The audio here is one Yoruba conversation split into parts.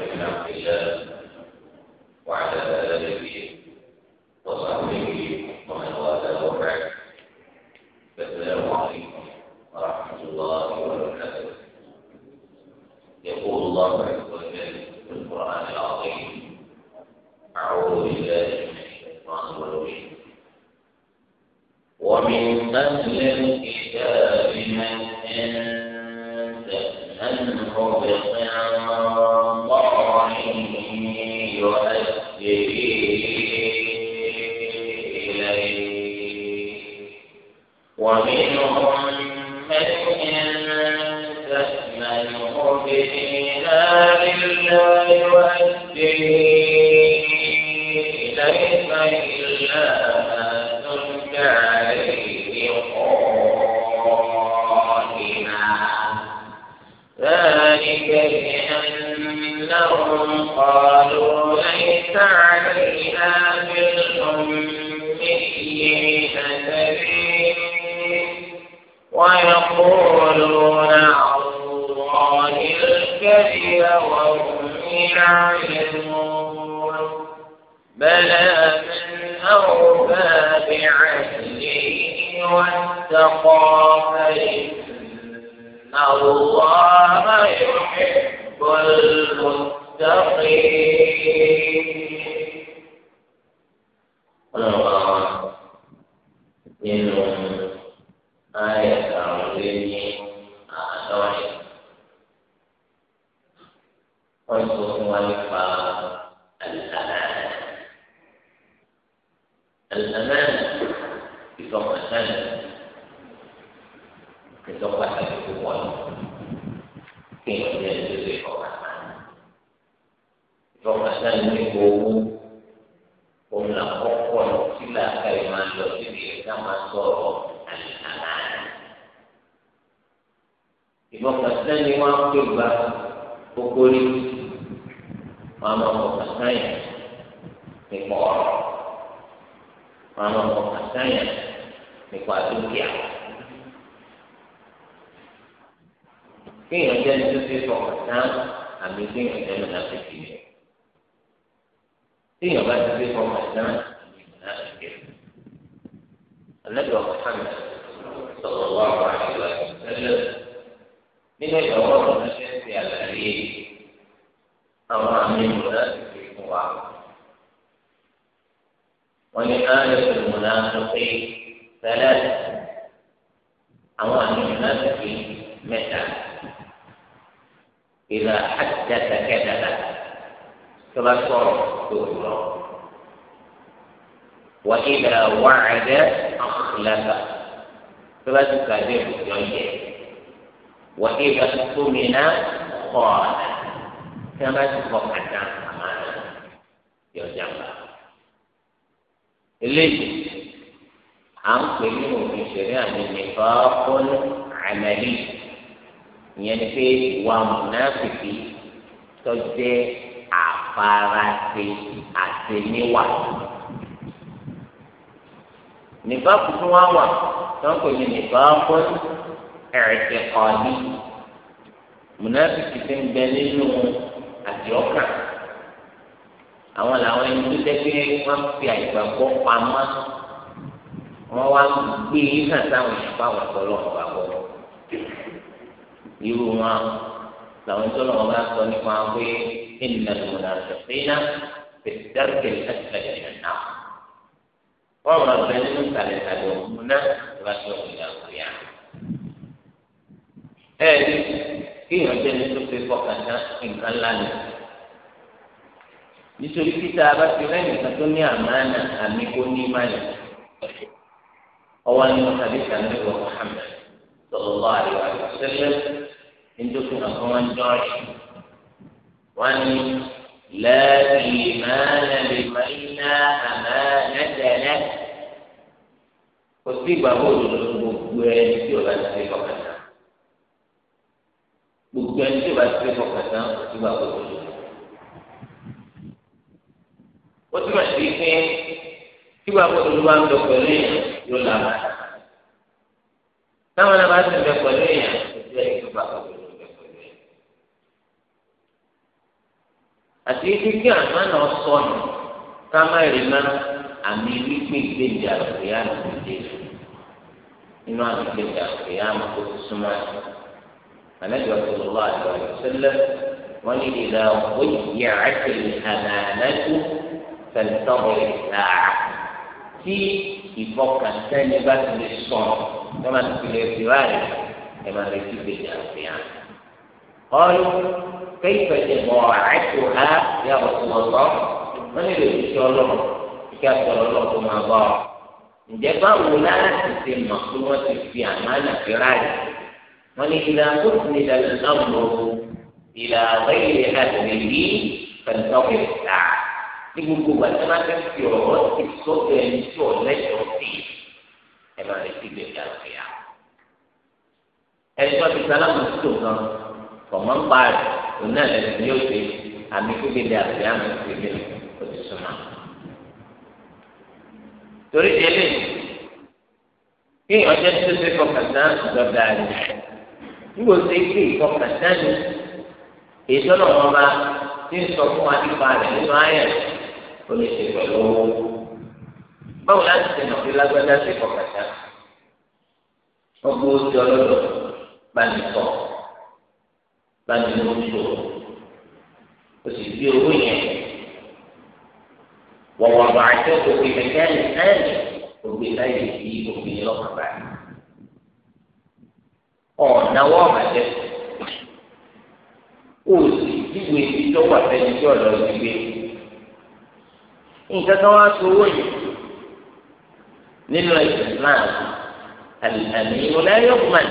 بن عبد الله الأمانة إقامة سنة كتبقى حديث واحد كيف يجوز إقامة سنة إقامة سنة يقوم òun là kọ́kọ́ lọ sí làákàyè máa lọ síbi ẹ̀ka máa sọ̀rọ̀ àlàáhà. ìbọn kàtá ni wọ́n á pè gba kókó rí wọ́n máa bọ̀ kàtá yẹn nípa wọn máa kọ kàtàyà nípa dúkìá kéèyàn jẹ́ ní tó ti sọ kàtà àmì kéèyàn jẹ́ ní láti fi lè kéèyàn bá ti sọ kàtà àmì láti fi lè anabi wa muhammed sọlọ wa wàhálà ẹlẹ nínú ìgbàgbọ́ ọ̀rọ̀ náà ṣe ń àlàyé àwọn àmì ìmúlá ti fún wa. ولآية المنافقين ثلاثة أو أن المنافقين متى إذا حدث كذبا كما صار دورا وإذا وعد أخلف كما تكذب يوجد وإذا اؤتمن خان كما تفقد أمانة يوجد eléyìí à ń pè ní òfin ṣẹlẹ̀ àti nìfà fọlẹ àmàlí ìyẹn ni pé ìwà mùnáfìkì tọjẹ àfarasẹ àtẹníwà nìfà tuntun wà wà tó ń pè ní nìfà fọlẹ ẹrẹsẹ kọọlì mùnáfìkì ti ń bẹ nínú àdìọkàn àwọn làwọn ẹni tó dẹ́gbẹ́ wọn fi àìgbàgbọ́ pamọ́ wọn wá gbé hàn sáwọn èèyàn báwọn tọ́lọ̀ gbàgbọ́ irú wọn làwọn tọ́lọ̀ wọn bá sọ nípa pé ènìyàn ló múná ṣẹ̀fínà pẹ̀tẹ́rẹ́kẹ̀ ẹ̀sìlẹ̀ ìrìnà wọn rọ ọ̀rẹ́ nínú ìsàlẹ̀sàlẹ̀ òmùná ìwájú òmìnira òyà ẹ̀ẹ́dì kí ìyànjẹ́ ni tó fi fọkàn tán nǹkan lánàá nítorí peter abáfẹ́rẹ́ nìkan tó ní àmàna àmì kò ní ìmáyà ọwọ́ ni wọ́n tàbí kan ní ìwọ Muhammad sallallahu alaihi wa sallam nítorí náà kọ́ wọ́n jọ ẹ̀ wọ́n ní lẹ́ẹ̀kì ìmáyà lè má iná àmàna tẹ̀lé kò sí ìgbàgbọ́ òdodo gbogbo ẹni tí o bá ti fi kọ̀kàtà gbogbo ẹni tí o bá ti fi kọ̀kàtà kò sí ìgbàgbọ́ òdodo ó túmọ̀ sí pé tí bàbá olùdó bá ń lọ pẹ̀lú èèyàn yóò lára táwọn náà bá ti ń bẹ pẹ̀lú èèyàn ojú ẹ̀ tó bá pẹ̀lú bẹ pẹ̀lú èèyàn. àti kí àmà náà sọ ká má rí má àmì wípé gbèjà òkèèyà ló ń dé inú àmì gbèjà òkèèyà ló tó súnmọ́ àlejò àti olùwà àti ọ̀rẹ́ sẹ́lẹ̀ wọ́n ní ìlà òkè yàrá kiri àmà àlejò fẹ̀lẹ́tọ́bù náà tí ìfọkàntẹ́ni bá ti lè sọ ẹ máa ti lè fi ráàyè ẹ máa lè fi lè jà fi hàn. ọ̀rọ̀ kéèké ti mọ̀ àìkú ha yà wọ́n ti wọ́n sọ wọ́n nílò ìṣe ọlọ́run kí àtọ̀rọ̀ ọlọ́run tó máa bọ̀ ǹjẹ́ báwo láti ṣe mọ̀ pé wọ́n ti fi àmàlà fi ráàyè wọ́n ní ìlà tó ní ìlànà náà lò ìlà àwẹ̀ ìlẹ̀ àdìrí fẹ̀lẹ́tọ́bù náà ní gbogbo ìgbà tí wọn fẹ́ fi ọ̀rọ̀ ti sọ́dọ̀ ẹni tí ò lẹ́tọ̀ọ́ sí ẹ máa retí gbèsè àfẹ́yà. ẹni tó ti sálámù sí tòun kan kọ̀mọ́ ń pa rẹ̀ òun náà lẹ́sìn ní òṣè àmì gbígbèdè àfẹ́yà mi ti gbé òtí súnmọ́. torí délé kí ọjọ́ tó ṣe fọkàntán lọ́dà rẹ̀ níbo ṣe kí ìfọkàntán ni èyí tó náà wọn bá ti ń sọ fún wa nípa rẹ̀ nínú ayẹ̀rẹ̀ ó lè ṣe pẹ̀lú owó báwo láti ṣe nàbí lágbádá sí kọ̀kàtà ọgbọ́n oṣù ọlọ́dọ̀ bá ní sọ bá ní lóṣù o sì fi owó yẹn wọ̀wọ̀ bá a jẹ́ òkè kẹ́kẹ́ ẹ̀ẹ́n òkè láyé sí òkè lọ́kàn báyìí ọ̀nàwọ́ ọ̀bàjẹ́ òsì ìwé ìjọba fẹ́ni tí ọ̀dọ́ ti gbé nǹkan kan wá so owó yìí nínú Islam àmì ìmúlẹ̀ yóò mọ̀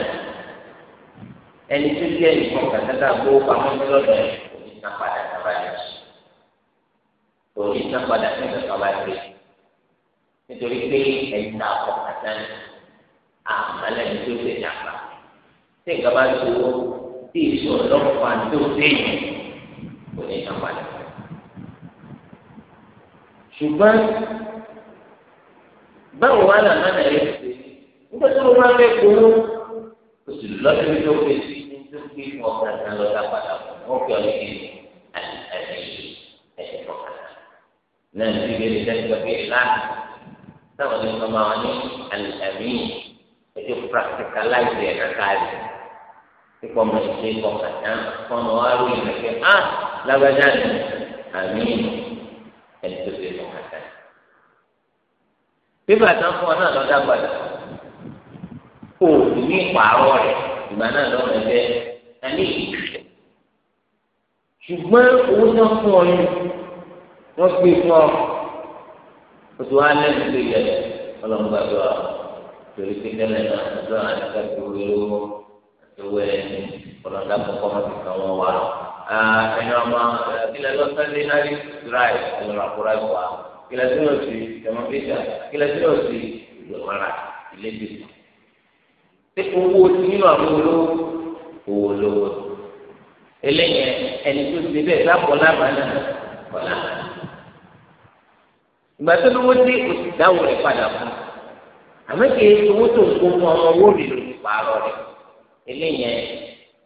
ẹni tó jẹ́ nìkan kàkàtà kó pamọ́ sí lọ́dọ̀ ẹ̀ òní ná padà kaba yẹn òní ná padà sí lọ́dọ̀ kaba yẹn nítorí pé ẹ̀yin náà kọ̀ àmàlẹ́ ní tó ṣe dàgbà tí nǹkan bá so tí ìṣòro lọ́kọ̀ọ́ àti tó ṣe yẹn òní ná padà kaba ṣùgbọ́n báwo wá là máa nàá yẹn ṣe nígbà tí mo máa fẹ́ gbowó o sì lọ́dọ̀ mi tó pè sí ní tó pé wọn kà ní lọ́dà padà wọn kì ọ́ ní kí ni àti ẹ̀ṣẹ̀ kọ̀ọ̀kan náà ní ìgbésẹ̀ ìdájọ́ pé láàrín táwọn ní ọmọ àwọn ní àmì ẹjọ́ practicalize ẹ̀ kàkàrí kíkọ́ ọmọ ìṣe kọ̀ọ̀kan náà kọ́ ọmọ wa ìrẹ̀kẹ́ á ah, lágbájá ni àmì ẹni tó ṣe mọ kàtà bíbà tán fún ọ náà lọ dágbàdà kò ní pààrọ̀ rẹ̀ ìgbà náà lọ rẹ bẹ ẹni ṣùgbọ́n owó tán fún ọ yìí wọ́n gbé fún ọ oṣù wa lẹ́nu tó yẹ ọlọ́mọba tó a torí pé tẹ́lẹ̀ náà ọjọ́ àti ká ti wúlò àti wúlò ẹni ọlọ́dà kọ́kọ́ máa ti kàn wọ́n wà lọ ẹ̀yin ọmọ kílẹ̀ lọ sunday night drive ẹ̀rọ àkúrà ẹ̀fọ́ kílẹ̀ tí yóò sí demonstration kílẹ̀ tí yóò sí ìlọ́ra ìlédè. ṣé owó tí nínú àwọn olówó owó olówó eléyẹn ẹni tó ti bẹ́ẹ̀ sábọ̀ lábàánà kọ̀lá. ìgbà tó lówó dé òsì dáwọ̀ rẹ̀ padà fún àmọ́ kí owó tó ń kó fún ọmọ owó mi ló ti pààrọ̀ rẹ̀ eléyẹn.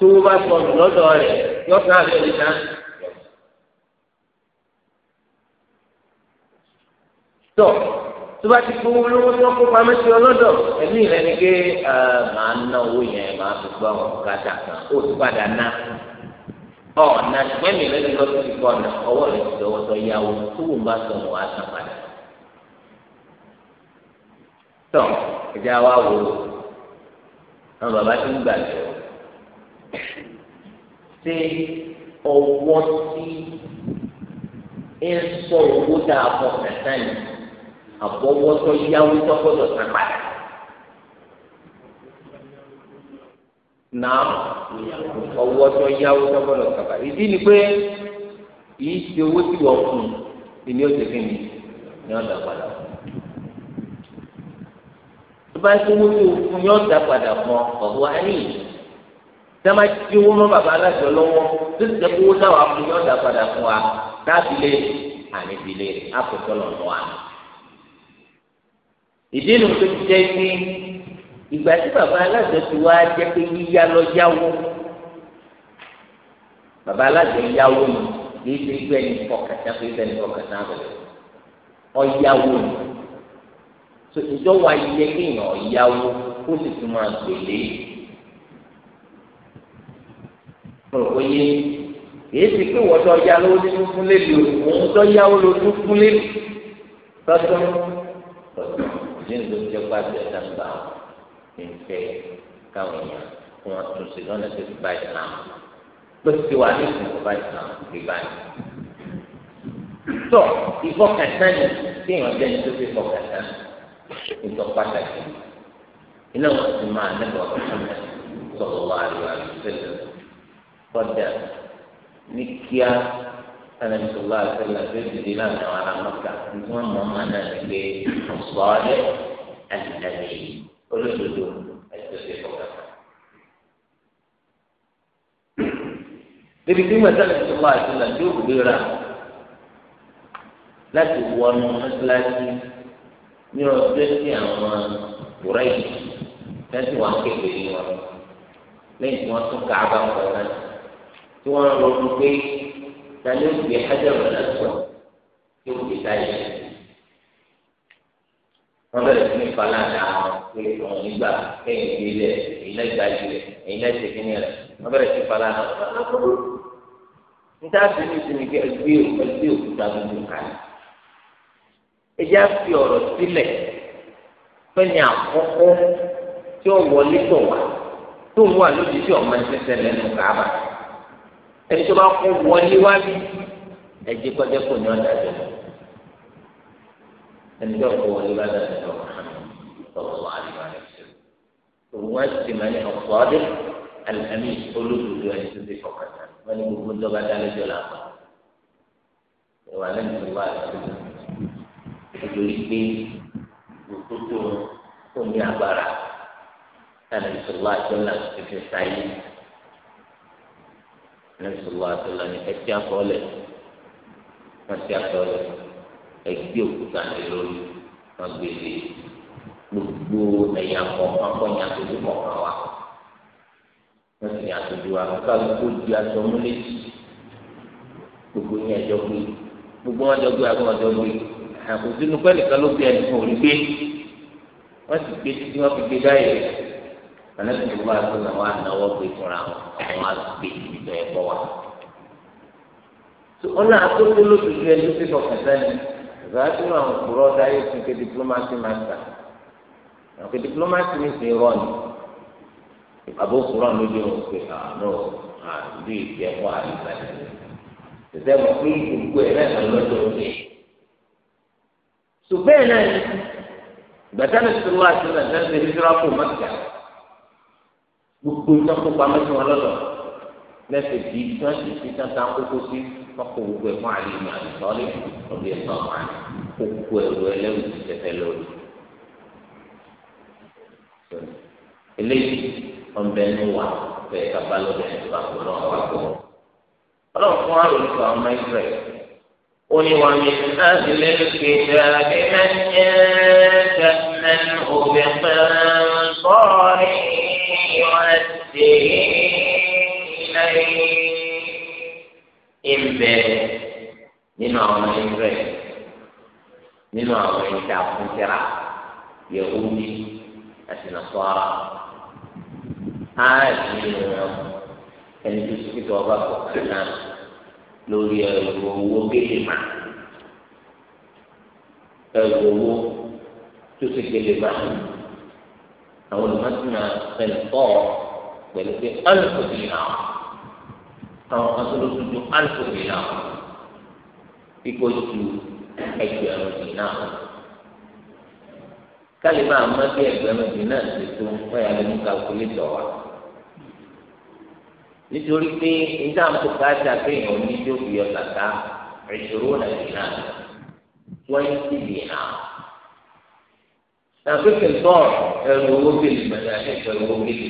tó o bá sọnù lọ́dọ̀ rẹ̀ yọ ká àbẹ̀ lè dá. tọ́ tó bá ti gbowó lówó tó kó pamẹ́ sí ọ lọ́dọ̀ ẹ̀mí rẹ̀ ni pé màá ná owó yẹn màá fi gbọ́ àwọn bùkátà kan ó ti padà ná ọ̀nà gbẹ́mí rẹ̀ ti lọ sí ìkọ́ ọ̀nà ọwọ́ rẹ̀ ti lọ́wọ́ sọ yáwó tó wù bá sọnù wàá sàn padà. tọ́ ẹ̀jẹ̀ wa wò ó àwọn bàbá ti ń gbàdúrà ṣe ọwọ́ sí ń sọ owó tá a fọ kàtá yìí àbọ̀wọ́ tó yáwó tó gbọ́dọ̀ san padà. Nàá ọwọ́ tó yáwó tó gbọ́dọ̀ san padà. Ìdí ni pé yìí ṣe owó tí wọ́n fún un ìní ó ti fi mi ní ọ̀dà padà fún un. Tó bá ń ṣe owó tí o fún ní ọ̀dà padà fún ọ, ọ̀hún á ní sẹ́mà tí owó mọ́ bàbá aláṣọ lọ́wọ́ tó ti jẹ́ kó owó táwọn afúnni ọ̀dà padà fún wa dábìlẹ̀ àníbìlẹ̀ àpòtọ́lọ̀ lọ́wọ́ àná. ìdí nu tó ti jẹ́ pé ìgbà tí bàbá aláṣọ ti wá jẹ́ pé yíyá lọ yáwó bàbá aláṣọ yáwó ni kì í ṣe gbé ẹni fọkàtà pé ẹni fọkàtà rẹ̀ ọ̀yáwó ni ìjọ wa yẹ kéèyàn ọ̀yáwó kó sì tún máa gbèlè yìí mo rò pé yé kìí sì pé wọ́n tó ya lówó ní fúnfún lélu òun tó yáwó ló tún fún lélu tọ́tún tọ́tún ìdí nìkan jẹ́ pàṣẹ dáńgbà nfẹ́ káwọn èèyàn kí wọ́n tún sí lọ́nà tó ti bá ìsìlámù pé ti wà ní ìsìnkú bá ìsìlámù ti bá ìsìlámù tọ ìfọkàntán ni kéèyàn jẹ ní tó fi fọkàntán ìtọ pàtàkì iná wọn ti máa nẹbọ ọkọ sọlọ wà lóyún àti kọjá ní kíá ẹnìyàn tó bá àtẹlẹ tó dìde láàrin àwọn aramọ́ta ní wọ́n mọ̀ ọ́n náà ní pé ọ̀sọ́ọ́lẹ̀ àdìdàdì olódodo ẹ̀sọ́ ṣe fọkàn. Bébí tí mọ̀tẹ́lẹ̀ tó bá àtẹlẹ tó gbéra láti wọnú mọ́tíláṣí ní ọjọ́ tí àwọn bùrẹ́yì tẹ́sí wọn kékeré wọn lẹ́yìn tí wọ́n tún kàá bá wọn náà tí wọ́n lọ fún pé tani ó gbé hájàmù lásán tí ó gbé táyà wọ́n bẹ̀rẹ̀ sí ní falada àwọn pé òun nígbà kéyìn gbé lẹ̀ èyí lẹ́gbàá jù lẹ̀ èyí lẹ́sẹ̀ kí ni rẹ̀ wọ́n bẹ̀rẹ̀ sí falada níta sí ní sinmi kí ẹgbẹ́ ẹgbẹ́ òkúta gbogbo kalẹ̀ ẹ jẹ́ àfi ọ̀rọ̀ sílẹ̀ fẹ́ni àkọ́kọ́ tí ó wọlé tọ̀ wá tó ń wà lójijì ọmọ ẹsẹ̀ sẹ́lẹ̀ nù káàbà ẹni tó bá kó wọlé wá bí ẹjẹ kọjá kò ní ọjà jẹ ẹni tó kó wọlé wá dáadáa lọ lọ́wọ́ wà ní wàlẹ òun wá ti máa ní ọ̀pọ̀ ọdún alẹ́mí olódodo ẹni tó ti fọkàn tán wọ́n ní gbogbo ńlọ́ba dálẹ́jọ́ làwọn ìwà lẹ́nu tó wà lọ́wọ́ nítorí pé gbogbo tó ń ní agbára tàbí sọ̀rọ̀ àjọ náà ti sáyé nísòlá àtọ́lá ni ẹtí àtọ́lẹ̀ ẹtí àtọ́lẹ̀ ẹgbẹ́ òkúta ní lórí wọn gbé lé gbogbo ẹ̀yà kọ̀ọ̀kan kọ́nyà tó ti kọ̀ọ̀kan wa wọ́n sì ní àtọ́jú wa kálukú di aṣọ múlẹ̀tì gbogbo ní ẹjọ́ gbé gbogbo wọn jọ gbé àgbọn ọjọ́ gbé àkóso inú pẹ́ẹ́lì kan ló gbé ẹnìkan ò ní gbé wọ́n sì gbé títí wọ́n fi gbé dáyẹ̀ anabi tó bá tó náà wà náwó gbé fúnra wọn wọn á gbé ibi tó yẹ kọ wa. ọ̀nà àtúntò lóṣooṣù ẹni tó sọ kẹsẹ́ ni ìgbà tó náà ń kúrọ́ dáyé fún ké diplomasi máa ń tà àwọn ké diplomasi ní sè rọ ni àbó kúrọ́ lójú òun pé àánú àdúgbò ìjẹ́ fún àyíká yìí tẹ̀sẹ̀ mọ̀ pé gbogbo ẹ̀ náà lọ́jọ́ òde. ṣùgbọ́n ẹ̀ náà ìgbà gbogbo ìtọ́kù pamọ́ sí wọn lọ́dọ̀ lẹ́sẹ̀ bí tí wọ́n sì fi tán tán kókó sí ọkọ̀ gbogbo ẹ̀fọn àlejò àlùsọ́lé ọ̀dọ̀ ẹ̀fọn àwọn àná kókó ẹ̀rọ ẹlẹ́rù ti tẹ̀fẹ́ lórí. eléyìí ọ̀nbẹ ní wà fẹ́ kábà lọ́dọ̀ ẹ̀ bá kó náà wà kó. ọlọ́run fún àrùn nípa ọmọ ìfẹ́ òní wà mí láti lé kéde àbí mẹ́tẹ́ẹ̀ẹ́dẹ́gbẹ́n يؤدي إليه إنبه nínú àwọn ẹgbẹ́ nínú àwọn ẹgbẹ́ àkúntẹ́ra yẹ̀wúni àti nàṣọ́ra á nínú wọn ẹni tó ti kíkọ́ ọba kọ̀ọ̀kan náà lórí ẹ̀rọ owó kéde mà ẹ̀rọ owó tó ti kéde mà àwọn olùmọ̀tìmọ̀ pẹ̀lú pọ̀ pẹ̀lú pé alùpùpù náà àwọn kan tó ló dúdú alùpùpù náà kíkó ju ẹgbẹ̀rún dì náà kálíbà àmọ́bí ẹgbẹ̀rún dì náà ti tó wáyà lè mú kalkulétọ̀ wa nítorí pé ìdáàmú káàtì àkéèyàn onídìí òbí ọ̀tàkà ìṣòro nàìjíríà twenty dì náà nàfẹ́fẹ́ tọ́ ẹrù owó bèlè mẹ́ta ẹ̀fẹ́ owó bèlè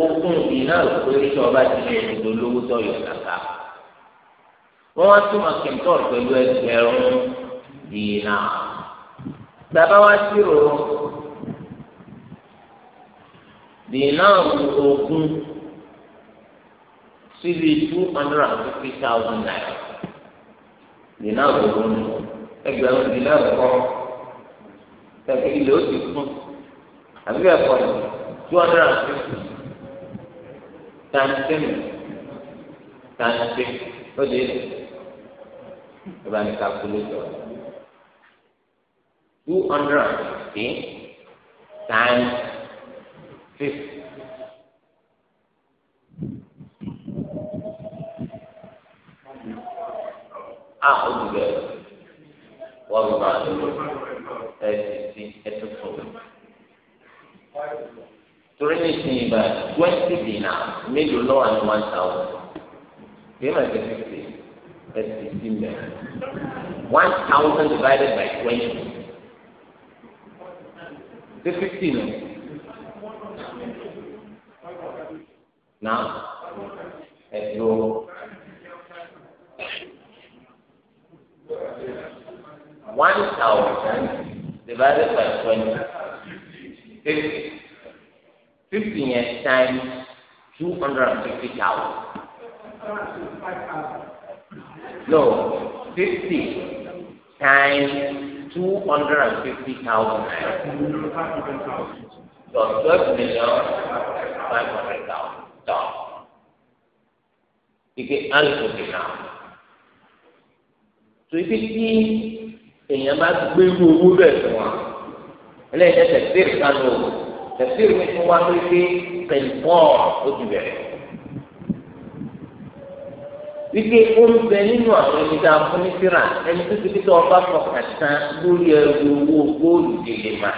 okun iná òkúri tí ọba ti ní òdodo lówó tó yọ kàkà wọn wá túmọ̀ kẹntọọ pẹ̀lú ẹgbẹ̀rún dìínà bàbá wa ti rò dìínà ogún síbi two hundred and fifty thousand naira dìínà ogún ẹgbẹ̀rún dìínà ogún. tẹ̀lé ilé ó ti kún àbí ẹ̀kọ́ two hundred and fifty times ten times ten ó di ilé ìbá ní calculator two hundred and fifty times fifty. Ah, ó ti bẹ̀rẹ̀ ẹsì sí ẹtù tó. torí ní twenty dinar mélòó lọ́wọ́ ní one thousand bí mà ṣe fífi one thousand divided by twenty ṣe Now, let's ẹ̀dùn. one thousand divided by twenty. Fifty. fifty yẹn times two hundred and fifty thousand no fifty times two hundred and fifty thousand naira plus twelve million five hundred thousand dollars ike alifu now. so ibi tí. èèyàn bá gbé irú owó bẹ́ẹ̀ fún wa ẹlẹ́yìn tẹ̀síìrì kánú tẹ̀síìrì mi fún wa ló dé pẹ̀lúpọ̀n ojú bẹ̀rẹ̀ wípé ó ń bẹ nínú àwọn ẹni tá a fún ní síra ẹni tó ti fi tó ọba fọkàn tán lórí ẹrù owó góòlù délé mà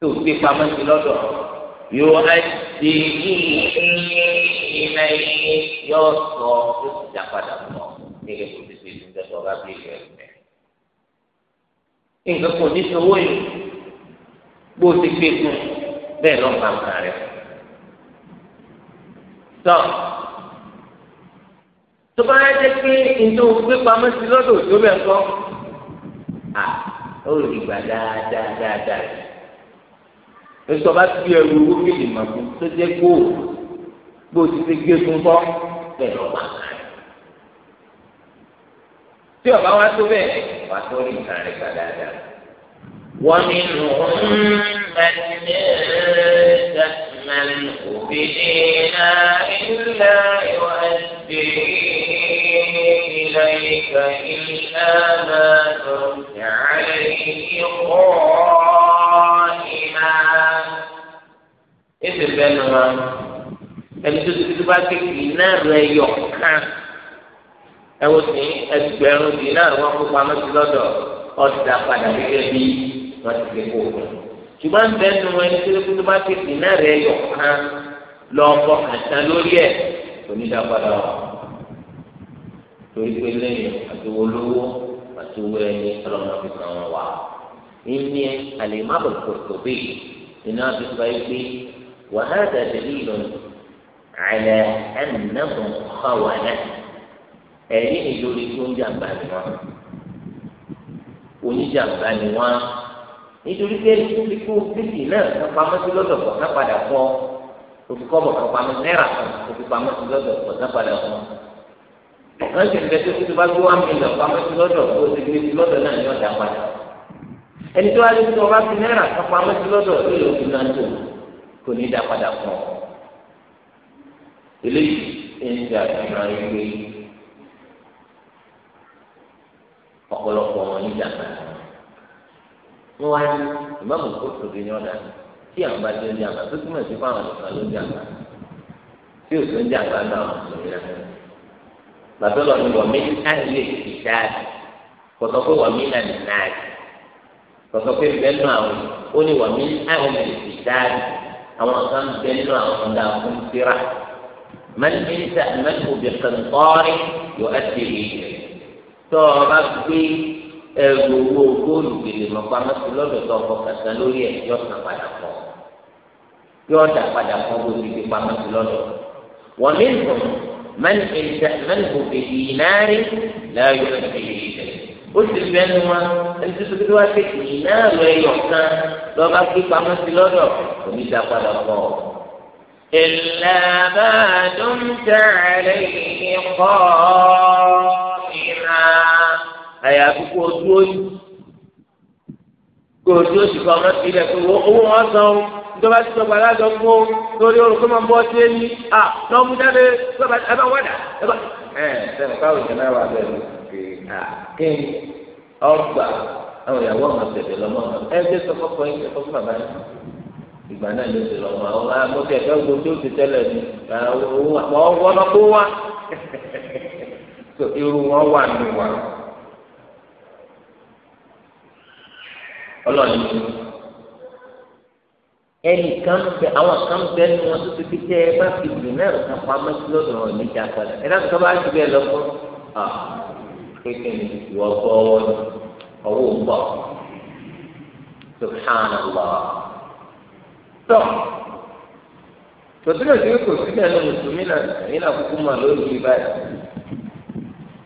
tó gbé pamọ́ sí lọ́dọ̀ yóò á ti ìhìnà yóò sọ yóò sì dá padà mọ́ gẹ́gẹ́ bó ti ṣe ìdúndẹ́sọ̀ ọba bí ìlú nǹkan kan ní sanwó yìí bó o ti gbé kún e bẹ́ẹ̀ lọ́ọ́ máa kàn rẹ̀ tán tó bá yẹ pé ìjọ gbé pamọ́ sí lọ́dọ̀ tó bẹ̀ kọ́ à ó rí ìgbà dáadáa dáadáa èso ọba ti fi ẹrù owó kéde màkú tó jẹ́ gbòò gbòò ti gbé kún e bọ́ bẹ́ẹ̀ lọ́ọ́ máa kàn rẹ̀. tí ọba wa tó bẹ́ẹ̀ wà tó rí nǹkan rẹ̀ gbà dáadáa. wọ́n ní nù من بدينا إلا يؤدي إليك إلا ما كنت عليه قائما إذ بنوا ẹni tó ti tó bá kékeré náà rẹ yọ kán ẹwọ sí ẹgbẹ̀rún dín náà wọn kó pamọ́ sí lọ́dọ̀ ọdà padà gẹ́gẹ́ bí wọn ti fi kó fún un ṣùgbọ́n bẹ́ẹ̀ nu ẹni tí ó kúndùn bá ti dín náà rẹ yọ kán lọ ọkọ kàtà lórí ẹ onídàpadà ọ torí pé lẹ́yìn àtiwọ lówó àtiwọ ẹni ọlọmọ fi kàn wọn wá ìní àlèmọ kòtò bíi iná fi sọ yìí pé wàhálà dàdé lílọ àlẹ ẹnìnàbọ kọwàlẹ ẹ̀rí ni lórí tó ń jàǹbá ni wọn oníjàǹbá ni wọn nítorí pé nítorí pé bíbí náà kan pamọ́ sí lọ́dọ̀ pọ̀ ká padà fọ́ òfìkọ́bọ̀ kan pamọ́ náírà kan òfì pamọ́ sí lọ́dọ̀ pọ̀ ká padà fọ́ ọ̀kan sì ń bẹ tó tó bá gbé wá mílíọ̀nù pamọ́ sí lọ́dọ̀ tó ti gbé sí lọ́dọ̀ náà ní ọ̀dà padà ẹni tó wá lé tó ọba fi náírà kan pamọ́ sí lọ́dọ̀ tó yẹ òfin náà tó kò ní dá padà fọ́ eléyìí ń ṣe àfihàn ìwé yìí. ọ̀pọ̀lọpọ̀ wọn ní ìjàmbá wọn wá ní ìmáàmù kóòtù bí ní ọ̀dà tí àwọn bá ti ń jàmbá tó túmọ̀ sí fáwọn nìkan ló ń jàmbá tí ò tó ń jàmbá náà wọn sì rí rẹ bàbá lọ ní wọ́n mi àlè ìdáàdì kòtò pé wọ́n mi nà ní náàdì pé bẹ́ẹ̀ nù àwọn ó ní wọ́n mi àlè ìdáàdì àwọn kan bẹ́ẹ̀ nù àwọn ọ̀dà fún síra mẹ́lí tó o bá gbé ẹrù owó góòlù gbèlè mọ́ pamọ́ sí lọ́dọ̀ tó ọkọ̀ kàtà lórí ẹ̀ yọ ọ̀sán padà pọ̀ yọ ọ̀dà padà pọ̀ bó ti fi pamọ́ sí lọ́dọ̀ wọ́n ní nǹkan mẹ́ni kò fi ìnáàrí láàyò ìdílé ó sì fẹ́ nu wa ẹni tó tó wá pé ìnáàrọ̀ ẹyọ kan lọ́ba gbé pamọ́ sí lọ́dọ̀ kò dá padà pọ̀ إلا ما دمت عليه قائما àyà àkókò ojú oṣù kò ojú oṣù kan ọmọ owó wọn san o ìjọba ti sọ gbàgbà sọ fún o lórí orúkọ máa ń bọ́ ẹni à lọ́ọ́ mú jáde ẹ bá wádà ẹ bá. ẹ sẹ́ni káwọn ìjọba wà bẹ́ẹ̀ kí ni ọgbà àwọn ìyàwó ọmọ tẹ̀lé lọ́mọ ẹ yín tó irú wọn wà nù wà ọlọ́ọ̀ni ẹnìkan bẹ àwọn kan bẹ nu wọn tó ti fi tẹ ẹ bá fi dùn náà kan pamọ́ sí lọ́dọ̀ ọ̀ níjà padà ẹ náà tó bá ti bẹ lọ fún ọ ìwọ gbọ́ ọwọ́ ni ọwọ́ ń bọ̀ subhanallah tọ́ tòtúrò tí kò sílẹ̀ ní mùsùlùmí náà ẹ̀yin náà kúkú mà lórí báyìí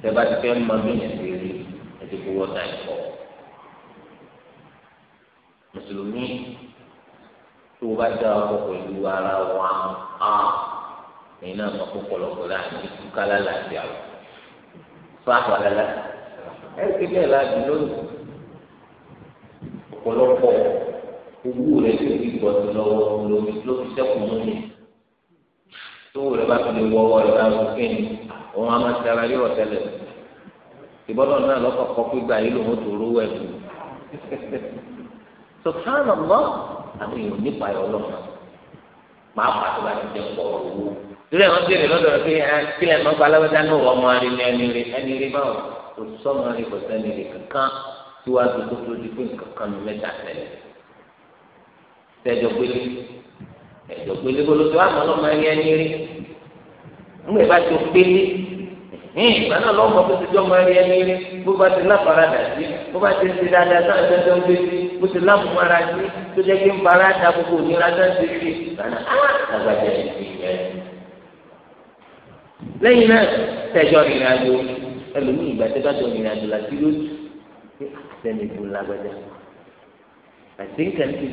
tẹ́bá ti fẹ́ mọ bí yẹn ti rí ẹtì kó wọ́n náà kọ́ mùsùlùmí tó o bá dá ọkọ pẹ̀lú ara wa á ẹ̀yin náà mọ̀ pọ̀lọpọ̀ láàrin ìtúká lálàáfíà o fún àpàlálá ẹ̀ ti bẹ́ẹ̀ láàbì lónìí ọ̀pọ̀lọpọ̀ owó rẹ̀ ti gbọ́ sí lọ́wọ́ lómi ló fi lónìí tó wù lọ́ba tó lè wọ́wọ́ rẹ̀ láwọn òfin òun á máa tẹ́ra yóò tẹ́lẹ̀ ìbọ́dọ̀ náà lọ́kọ̀ kọ́ gbígbà yìí lòun tó rówó ẹ̀ fún subhanallah àwọn èèyàn nípa ẹ̀ ọlọ́mọ máa fà tó bá ti jẹ pọ̀ owó lórí àwọn béèrè lọ́dọ̀ rẹ̀ pé kílẹ̀ máa gba alábẹ́dá náà wọ́n máa rí ẹni rí ẹni rí báwò kò sọ́mọ rí kò sẹ́ni rí kankan tí wàá tó tó tó di pé nǹkan kan mẹ́ta tẹ̀lé tẹ́jọ́ ẹjọ pé lébolo tó àmọ́ lọmọ ẹni ẹni rí ńgbẹ bá tó pélé ìgbà náà lọmọ tó ti dọmọ ẹni ẹni rí bó bá ti lápára dà sí bó bá ti ń ti dáadáa sáà ẹgbẹ tó ń gbé sí bó ti lámùmọ ara sí tó jẹ kí ń para da gbogbo ònira tó ń ti rí ìgbàna àgbàjẹ ti yẹ. lẹ́yìn náà tẹ̀jọ́ ìrìn àjò ẹlòmíì ìgbà tẹ́jọ́ ìrìn àjò láti lójú àtẹnìbù làgbàjá àti nǹkan ti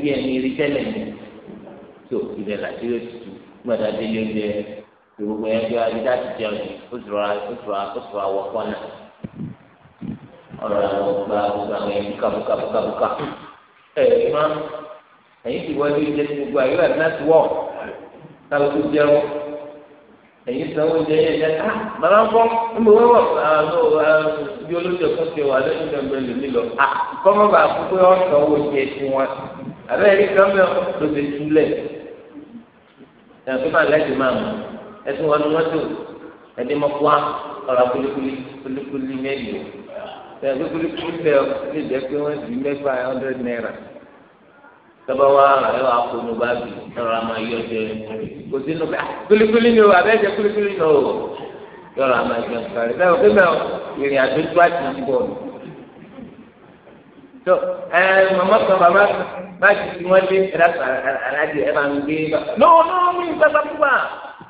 tí òkú rẹ̀ láti rẹ̀ tutù gbọ́dọ̀ délé jẹ gbogbo ẹgbẹ́ adídá ti jẹun ní òtúrọ̀ òtúrọ̀ àwọ̀ kọ́nà ọ̀rọ̀ àwọn gba gbogbo àwọn ẹbí kàbùkàbùkàbùkà ẹ̀ ẹ̀ má ẹ̀yìn ti wọlé jẹ gbogbo àyọ̀ ẹ̀ láti wọ̀ kálukú jẹun ẹ̀yìn sanwó jẹ yẹn jẹ ah màmá ń kọ́ ń bọ̀ wọ́wọ́ ah, ah, bí olóṣèlú kan ti wà lẹ́yìn ìgbàgbọ́ lèmi lọ ah kọ́mọ́bà àkókò ọ̀sán owó jẹ tiwọn àbẹ́rẹ́ ẹ̀ fún màlẹ́ ti máa mú ẹtún wọn ni wọn tó ẹdín mọ kó ọ̀rọ̀ kulikuli kulikuli mélòó tẹ̀lé kulikuli tẹ lè jẹ́ pé wọ́n di mẹ́fà hundred naira tọ́ba wa ẹ̀ wà kónú bá bì ọ̀rọ̀ àmà yọ jẹ kò sí nù bẹ́ẹ̀ kulikuli ni o abẹ́ jẹ kulikuli ni o yọ̀rọ̀ àmà yọ kárẹ̀ bẹ́ẹ̀ o kébẹ̀ o ìrìn àjò àti ìbọ̀ ni tó ẹ màmá kan bàbá báyìí tí wọ́n dé ẹ̀rọ aláàjì ẹ̀ máa ń gbé bá. no no mi ń gbàgbà púpà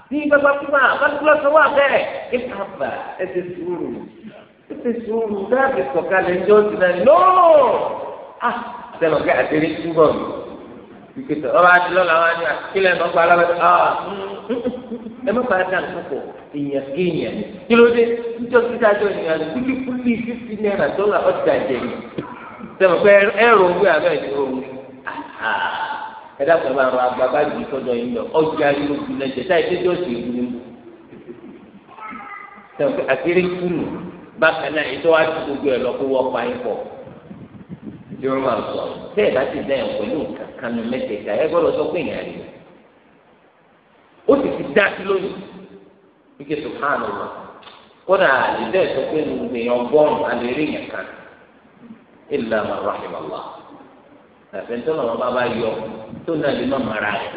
mi ń gbàgbà púpà bákúlọ̀ sọ wà bẹ́ẹ̀ ẹ bàbà ẹ ti sùúrù ẹ ti sùúrù dáàbì sọ̀kalẹ̀ ń ti náà no ah sẹ́nu kí àtẹ̀lé túbọ̀ mi ìkẹtọ̀ ọba àti lọ́la wa ni àkílẹ̀ náà gba alábẹ́ ah ẹ má bàa dàn púpọ̀ èèyàn kí èèyàn kí ló dé nítorí dájọ́ ènìyàn kúlíkúlí fífi náírà sẹ́wọ̀n pé ẹ̀rọ owó abẹ́ ẹ̀dí owó ẹ dákun bá rọ agbábá yìí tọ́jọ́ yìí lọ ọjà yìí ló lẹ́jẹ̀ táyì tó tó sì wú sẹ́wọ̀n pé àkéré kùnú bákan náà ètò wa ti gbogbo ẹ̀ lọ kó wọ́n pa yín pọ̀ yóò máa sọ bẹ́ẹ̀ bá ti kanu mẹ́tẹ̀ẹ̀ta ẹ gbọ́dọ̀ sọ pé ó sì ti dá sí lónìí kódà sọ pé bọ́ọ̀nù rí kan. إلا من رحم الله. àfi ń tọ́lọ̀ يوم تنا bá yọ tó náà lè má mara rẹ̀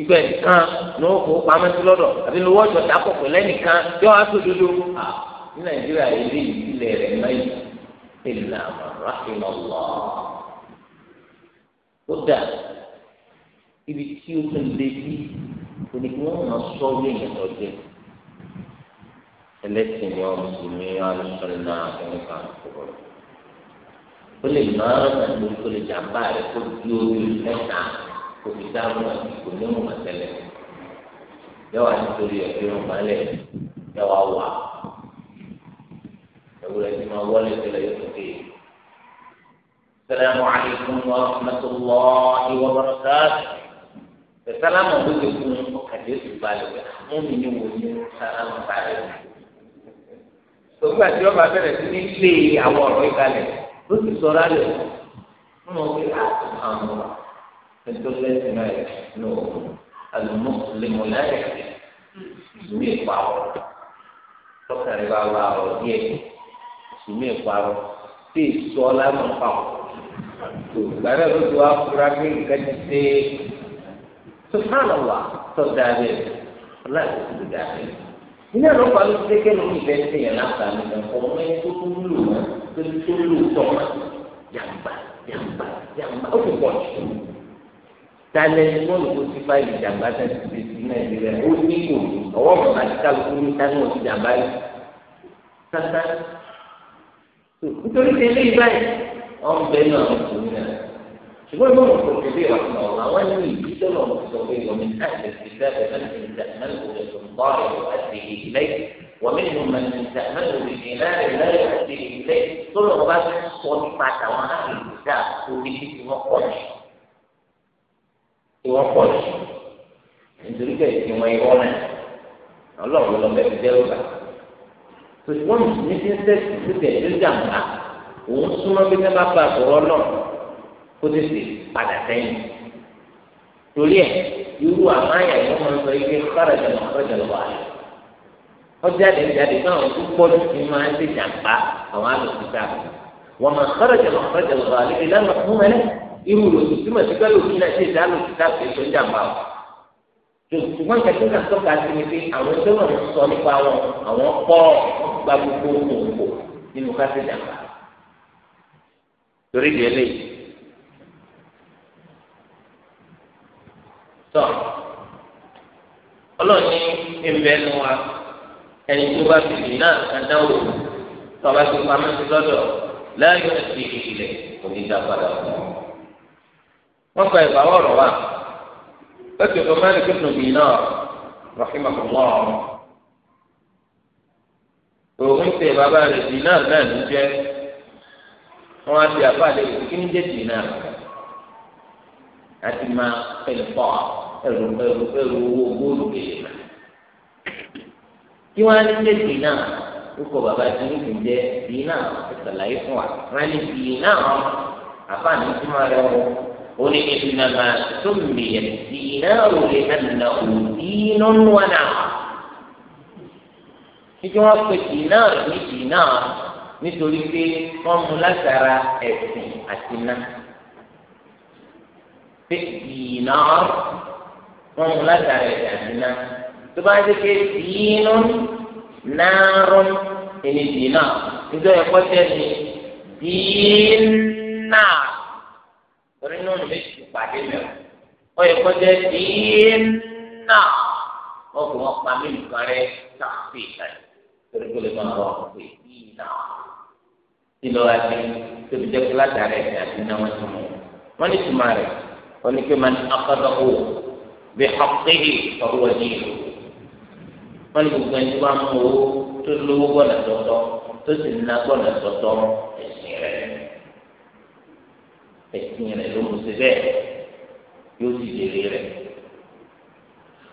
ìgbà nìkan ní wọn kò pamọ́ sí lọ́dọ̀ àbí ní wọ́n jọ dápọ̀ pẹ̀lẹ́ nìkan yọ wá tó dodo ní nàìjíríà ilé ìpìlẹ̀ rẹ̀ mẹ́yì illa man rahim Allah ó dà ibi tí ó tún lé bí òní kí wọ́n máa sọ ọ́ lóyìn ọ̀jẹ̀ ẹlẹ́sìn ni wọ́n mùsùlùmí alùsọ̀rọ̀ náà ẹ̀ka ọ̀rọ̀ ó lè má ràn lórí kó lè jàmbá rẹ kó di orí mẹ́ta kó fi dáhùn kò ní mú àtẹlẹ yóò nítorí ẹgbẹ́ wọn balẹ̀ yóò wà ewúrẹ́ tí máa wọlé tẹ́lẹ̀ yóò tó dé. السلام عليكم ورحمة الله وبركاته السلام عليكم حديث بالغ مؤمن ومؤمن سلام عليكم. Gbogbo àti ọba bẹ̀rẹ̀ sí ní lé àwọn ọ̀rọ̀ ìkàlẹ̀ ló sì sọ rárẹ wọn mọ pé ah, àmọ ètò lẹsìn náà nù àlùmọ lèmọ láyé ìsúnmí ìpàwọ tọkàrí bá wà ọ díẹ̀ ìsúnmí ìpàwọ tí ìsọ lánàá pàwọ gbàdá ló ti wá fura pé nǹkan ti dé sọfúnà wà tọ́ da bẹ́ẹ̀ ọlá ìsúnmí da bẹ́ẹ̀ ilé ẹ̀rọ pa ló ti dé kẹ́lò ní ìfẹ́ ṣe yẹn láta ní ẹ̀kọ́ ọmọ ẹni tó tún lò wọn tó ti tó lò tọ́ wọn jàǹbá jàǹbá jàǹbá ó ti pọ̀ jù talẹ̀ ni wọ́n lò ó ti fa ìlú jàǹbá tẹ̀sí ti ti nàìjíríà ó ní kò ní ọwọ́ mọ̀ láti kálukú ní tánú ọ̀sì jàǹbá yìí tata nítorí ti ilé ìbáyìí ọ̀n bẹ́ẹ̀ náà ọ̀sùn náà ṣùgbọ́n ìmọ̀ ọ̀pọ̀ òkèlè ọ̀nà àwọn ní ìdí tó lọ́wọ́ sọ pé omi àti ìṣẹ́ ẹ̀fẹ́ ní ìtàmẹ́lò ìṣòǹbọ̀rẹ̀ àti ìlẹ́ ومنهم من تأمنه بدينار لا يؤدي إليه ثم بعد صوت بعد وأهل الكتاب وبه يوقعش يوقعش nítorí pé ìwọ̀n ìwọ̀n náà ọlọ́run lọ bẹ́ẹ̀ dẹ́rù bá tòṣùwọ́n ní ti ń tẹ̀sí síbẹ̀ ní ìjàmbá òun súnmọ́ bí wọ́n bá bá sọ̀rọ̀ náà kó tètè padà sẹ́yìn torí ẹ̀ irú àmáyà yìí wọ́n sọ ike kárẹ̀dẹ̀ náà kárẹ̀dẹ̀ lọ́wọ́ àlẹ́ ọjáde jáde káwọn tó gbọ́dọ̀ ti máa ń ṣèjàmbá àwọn alòkúta wọ́n máa kárẹ̀dẹ̀ náà kárẹ̀dẹ̀ lọ́wọ́ àlẹ́ ìdáná fún mẹ́lẹ́ irú lòtú tí màtí ká lòtú náà ṣe ìdá lòtú ká fi ṣe jàmbá o ṣùgbọ́n kẹ̀kẹ́ náà tọ́ka sí ni pé àwọn tó wà ń sọ nípa wọn àwọn kọ́ gba òǹkò nínú ká ṣe jàmbá torí di eléyìí tọ́ ọlọ́run ní ìbẹ́nu wa ẹni tó bá fi lè náà kàdá wò tó bá fi pamọ́ sí lọ́dọ̀ láàyò àti ìlẹ̀ onídàá padà wọ̀. wọ́n gba ìbáwọ̀ ọ̀rọ̀ wa lọ́sì ọ̀dọ̀ máa ń kí ọ̀dọ̀ bìí náà rọ̀fìmọ̀ kọ̀ òun ṣe bàbá rẹ̀ bìí náà náà ló jẹ́ wọn á ti àbá àlejò kí ní jẹ́ bìí náà àti máa fẹ́lẹ̀ pọ̀ ẹrù ẹrù ẹrù owó góòlù kele ma kí wọn á ní ṣe dìínà lóko bàbá tí wọn kì í jẹ dìínà ìsàlàyé fún wa wọn á ní dìínà àfààní tí wọn rẹ wọn ó ní ìdùnnàmà tó mìíyẹ dìínà òye nàlà òdìínà wọn náà nítorí wọn pe dìínà ní dìínà nítorí pé wọn mú látara ẹsìn àti náà pé dìínà wọn mú látàrí ẹ̀dá dínà tó bá ń ṣe pé dínú náírún ẹni dínà nítorí ẹ̀kọ́ tẹ́ ni dínà torí náà ló méjì tó pàdé mẹ́wàá ó yẹ kó jẹ́ dínà wọ́n fi wọ́n pa mí nǹkan rẹ̀ káfí ìtàn torí kó lè máa rọ pé dínà nílò àti tóbi jẹ́ kó látàrí ẹ̀dá dínà wọ́n ti mú wọn ní tùmọ̀ rẹ̀ wọ́n ní pé máa ń akọ́dọ̀ owó. بحقه xaqéyì ọ̀rọ̀ nìyẹn wọn ni gbogbo ẹni máa mú owó tó lówó gbọ́dọ̀ tọ̀tọ̀ tó sì ná gbọ́dọ̀ tọ̀tọ̀ ẹ̀sìn rẹ̀ ẹ̀sìn rẹ̀ ló mú sí bẹ́ẹ̀ yóò sì lérè rẹ̀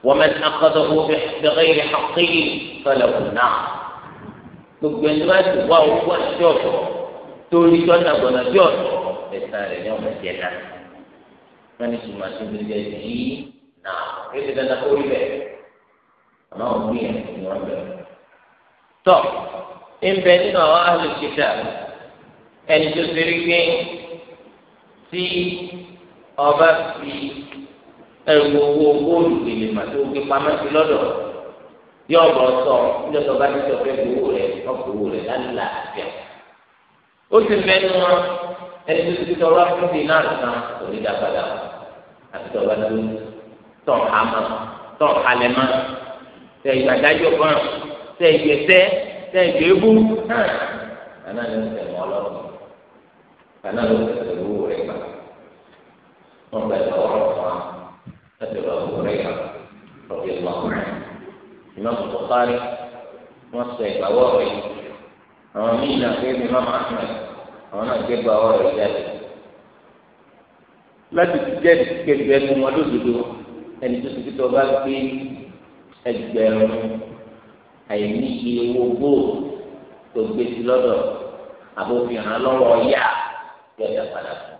wọ́n akadọ̀ owó bẹ̀rẹ̀ xaqéyì fẹlẹ̀ wò náà gbogbo ẹni máa ti wá owó wá sí ọ̀dọ̀ torí tọ́ta gbọ́dọ̀ sí ọ̀dọ̀ ẹ̀sìn rẹ̀ ni ọmọ náà kéde dandan kó rí bẹ́ẹ̀ àmọ́ àwọn òbí yẹn ni wọ́n bẹ̀rẹ̀. tọ́ ń bẹ nínú àwọn alùpùpù ẹni tó ṣe rí pé tí ọba fi ẹrù owó góòlù gbèlè màtó gbé pamọ́ sí lọ́dọ̀ yọ ọ̀bọ̀ sọ níjọ́ tó bá ti sọ fẹ́ gbowó rẹ̀ ọkùnrin rẹ̀ lálẹ́ àbíà. ó ti bẹ nínú wọn ẹni tó ti tọrọ fún dinar kan kò ní dá padà àti tọrọ lórí tọ̀ àmọ́ tọ̀ kalẹ̀ mọ́ tẹ̀ ìgbà dájọ́ kan tẹ̀ ìgbésẹ́ tẹ̀ ìgbébú náà kaná ló ń tẹ̀wọ́ ọlọ́run kaná ló ń tẹ̀wọ́ owó rẹ̀ gbà wọ́n gba ìgbà ọ̀rọ̀ fún wa láti rọ owó rẹ̀ gbà lọ́bí ọgbà ọ̀rẹ́ ìmọ̀ tuntun kárí wọ́n sọ ìgbà wọ́ọ̀rọ̀ yìí àwọn míì náà fẹ́ mi má máa hàn àwọn náà gbé gba ọ̀rọ̀ yìí jáde láti ti jẹ́ ìdíkẹ́ ìgbẹ́ nu wọn lódodo ẹni tó ti tó bá gbé ẹgbẹ̀rún àìní iye owó góòlù tó gbé sí lọ́dọ̀ àbófin hàn lọ́wọ́ yá yóò dá padà fún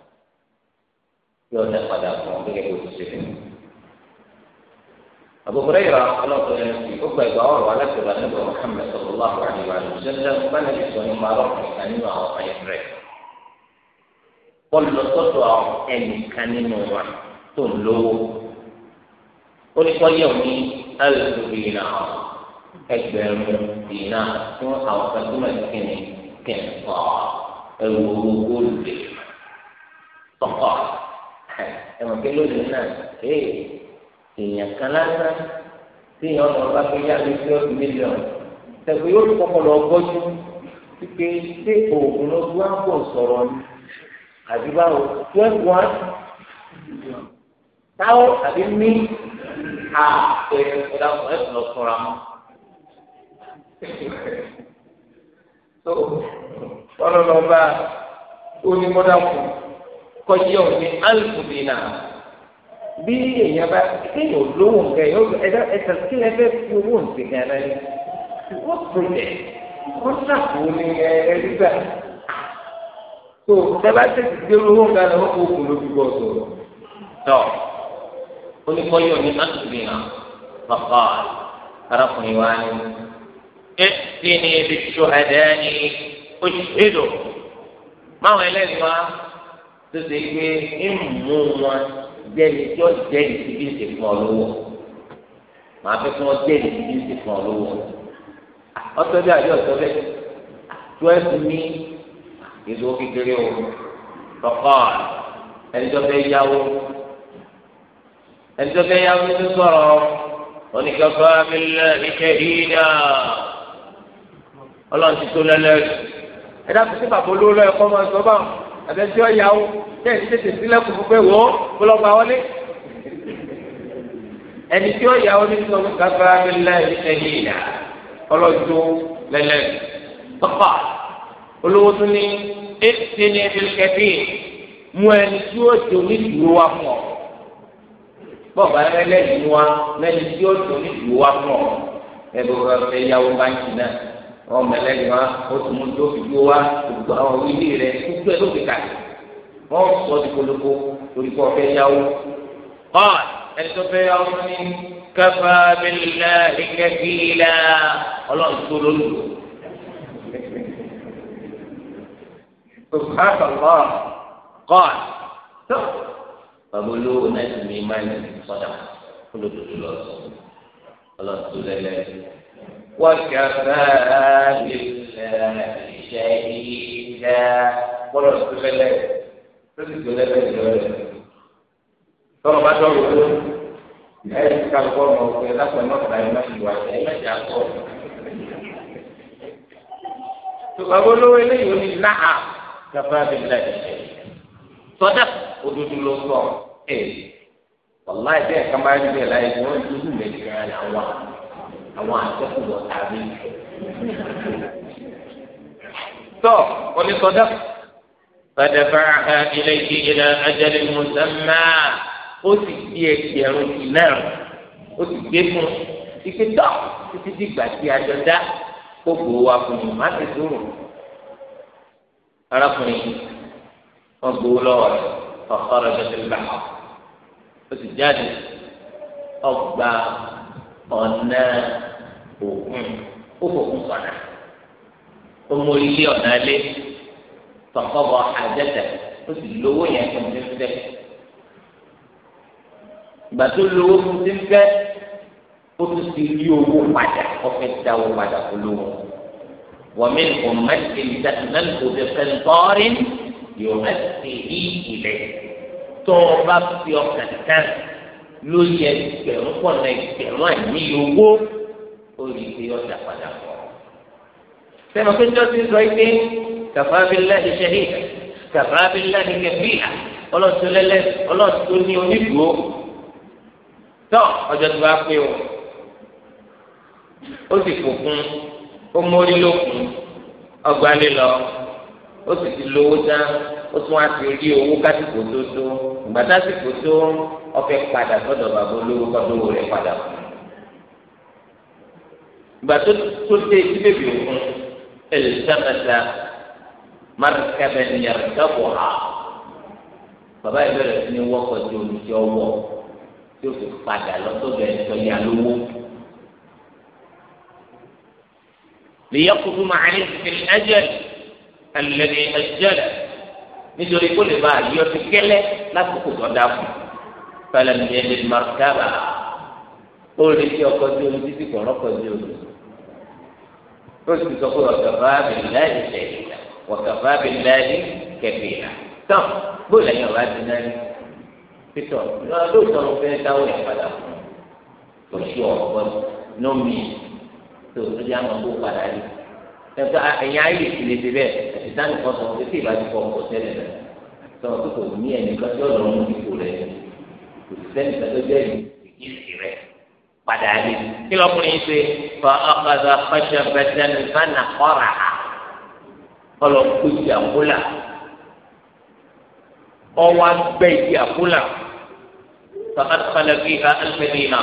yóò dá padà fún gẹ́gẹ́ bó ti ṣe fún un. أبو هريرة الله يرحمه أبا يقول على سيدنا النبي محمد صلى الله عليه وآله وسلم من يسوي ما رحمه كان يوم أو أي مريك كل صوت أو أن كان يوم تنلو ó ní kọ́yé òní alùpùpù bìí náà ẹgbẹ̀rún bìí náà fún àwọn kan tó máa ti ní kẹ̀kọ́ ẹ̀wọ̀ góòlù lè tọkọ ẹ̀wọ̀n pé lónìí náà ee èèyàn kan lásán tí èèyàn ọ̀nà ọba pé yá lè fi ọ́dún mílíọ̀nù tẹ̀sí yóò tún kọ́kọ́ lọ gbọ́jú pípé ṣé oògùn ló tún á sọ̀rọ̀ ni àbí twelve one táwọn àbí mí ha pé ẹ̀dá ọ̀sán ẹ̀sùn lọ fúnra mọ́. tó ọlọ́lọ́ba onímọ̀dàkù kọjí ọ̀hún ní alùpùpìnà bí èèyàn bá kéèyàn lówó nǹkan yóò ẹ̀dá ẹ̀sẹ̀ kí lè fẹ́ fi owó nǹkan kan náà ní wọ́n pèlè wọ́n sàkó ní ẹ̀ẹ́dígbà tó tẹ́lá tẹ̀sí gbé owó nǹkan náà wọ́n kó okùn lójú bọ́ọ̀sọ̀ lọ oníkọ́yọ̀ ní asùnìyà bàbá arákùnrin wa ni ẹ ti ní ibi tó ẹ̀dẹ́ ni ó ti ṣèlò máwọn ẹlẹ́rìí wa tó ṣe pé ìmú wọn jẹ́ni tí ó jẹ́ni tí bí ń ṣe fún ọ lówó màá fẹ́ kí wọ́n jẹ́ni tí bí ń ṣe fún ọ lówó ọtọ́jú àjọ ọtọ́jú tó ẹ fún mi ìlú kékeré o tọkọ ẹni tó fẹ́ yáwó ẹjọ́ bẹ́ẹ̀ yá wọlé sọ̀rọ̀ oníkẹ́fà mílẹ̀ níkẹ́ hídà ọlọ́run ti tó lẹ́lẹ́ ẹ dákun sí bàbá olówó lọ́yẹ kọ́ máa sọ bá àbẹ́jọ́ yàwó tẹ̀ ní tètè sílẹ̀kùn fún pé wò ó kó lọ́ gba wọlé ẹni tí ó yàwó ní sọ fún kẹfà mílẹ̀ níkẹ́ hídà tó lẹ́lẹ́ tọ́pà olówó tún ní ètè ní ẹbí kẹfì mú ẹni tí ó jẹ onídùúró wa fún ọ bọ́ọ̀bá ẹlẹ́yìn wa lẹ́yìn tí ó tún ní ìwà pọ̀ ẹ̀rọ ẹ̀fẹ́ yàwó báńkì náà wọ́n mẹ́lẹ́yìn wa ó tún mú tó fi gbó wa gbogbo àwọn wílé rẹ̀ kúkú ẹ̀ ló fi kà wọ́n sọ ti polówó lórí kó ọ̀fẹ́ yàwó. ọ ẹni tó fẹ́ yàwó ní kafa billahi kafila ọlọ́run tó lólu. subhanallah qala bàbá olówó náà ti ní máìlì sọdà olódodo lọ sọ Ọlọ́run tó lẹlẹ wákàtá lílẹ ìṣe ìṣe bọlọ tó lẹlẹ tó ti tó lẹlẹ lọrẹ tọrọ bá tọrọ owó ẹ ti ká lọ bọlọ ọkọ ẹ lápẹ náà fà ẹ má ti wà ẹ má ti àkọ tó bàbá olówó eléyìí ó ní náà kàfá lílẹ ìṣe sọdà òdodo ló sọ ẹ wàlá ẹ bẹ́ẹ̀ kàn bá rí bẹ́ẹ̀ láyé wọn ń dúdú mẹjìká ni àwọn àwọn àtẹkùnbọ tàbí. tọ onísọdá fàdàfàáhà ilé igi ilẹ ajẹlẹ mùsàmá ó sì gbé ẹgbẹ̀rún ìnáà ó sì gbé fún ike tọ títí dìgbà tí a jọ dá gbogbo wa fún mi má ti dúró arákùnrin wọn gbowó lọ́wọ́ rẹ̀. فخرجت البحر فسجاد أقبى أنا أقوم أقوم صنع أم لي أنا لي فقضى حاجته فسلوه يا كمجفته بتلوه كمجفته ó tún ti rí owó padà ọfẹ da owó yóò ẹsẹ̀ yí ilẹ̀ tó o bá fi ọkàn kan ló yẹ ẹgbẹ̀rún pọ̀nà ẹgbẹ̀rún àìní owó ó lè fi ọjà padà bọ̀. sẹ́nu pé jọ́sí sọ pé kàfá abilá iṣẹ́ yìí kàfá abilá ni kẹfì à ọlọ́túnlẹ́lẹ́ ọlọ́tún ní onídùú tọ́ ọjọ́ tó bá pé o ó sì fòkun ó mórí lókun ọgbà lílọ ó sì ti lówó tán ó tún wá ti rí owó kásìkò tó tó ìgbà tásìkò tó ọfẹ padà sọ́dọ̀ bàbá olówó kọdọwó rẹ padà fún ìgbà tó tó dé tí bèbè òkun ẹlẹsàmẹsà márùkẹbẹ nìyàrá dọbọ ha bàbá yìí sí ní wọkọ̀ tí olùsí ọwọ́ tí ó fi padà lọsọ́dọ̀ ẹsọ yà lówó. lèyẹ kutu màálí fi ẹ̀jẹ̀ ẹlẹ́ni ẹ̀jẹ̀lẹ̀ nítorí kó lè bá yọ ti kẹ́lẹ́ lásìkò tó dá fún fẹlẹ́ni ẹni màkàrà ó lè fi ọkọ̀ tí omi títí kọ̀ lọ́kọ̀ tí omi ó sì sọ pé ọ̀kàfà bìláì lẹ́yìn ọ̀kàfà bìláì kẹfìlà tán bóyá lẹ́yìn ọ̀rá ti náà ní pítọ̀ lóòótọ́ ló fẹ́ dáwọ́ ẹ̀ padà fún un kò nómi tó tó yá máa bó padà yìí ẹ̀ka ẹ̀yìn ayé ìkìlẹ̀ ti bẹ́ẹ̀ ìdáni kan sọ pé tí ìbájú kọ ọkọ̀ tẹ́lẹ̀ rẹ̀ sọ̀rọ̀ tó kò ní ẹni kan tí ọ̀dọ̀ ọ̀hún dìbò rẹ̀ kò sí sẹ́ni kan tó jẹ́ ìkìlẹ̀ rẹ̀ padà rí kí lọ́kùnrin ṣe fa ọ̀kadà fẹ́ṣẹ̀ fẹ́ṣẹ̀ ní sànà kọ́ra ha kọ́lọ̀ kó ìdí àkúlà ọwọ́ agbẹ́ ìdí àkúlà fàkàtàkàlà fi ha ẹgbẹ́ dínà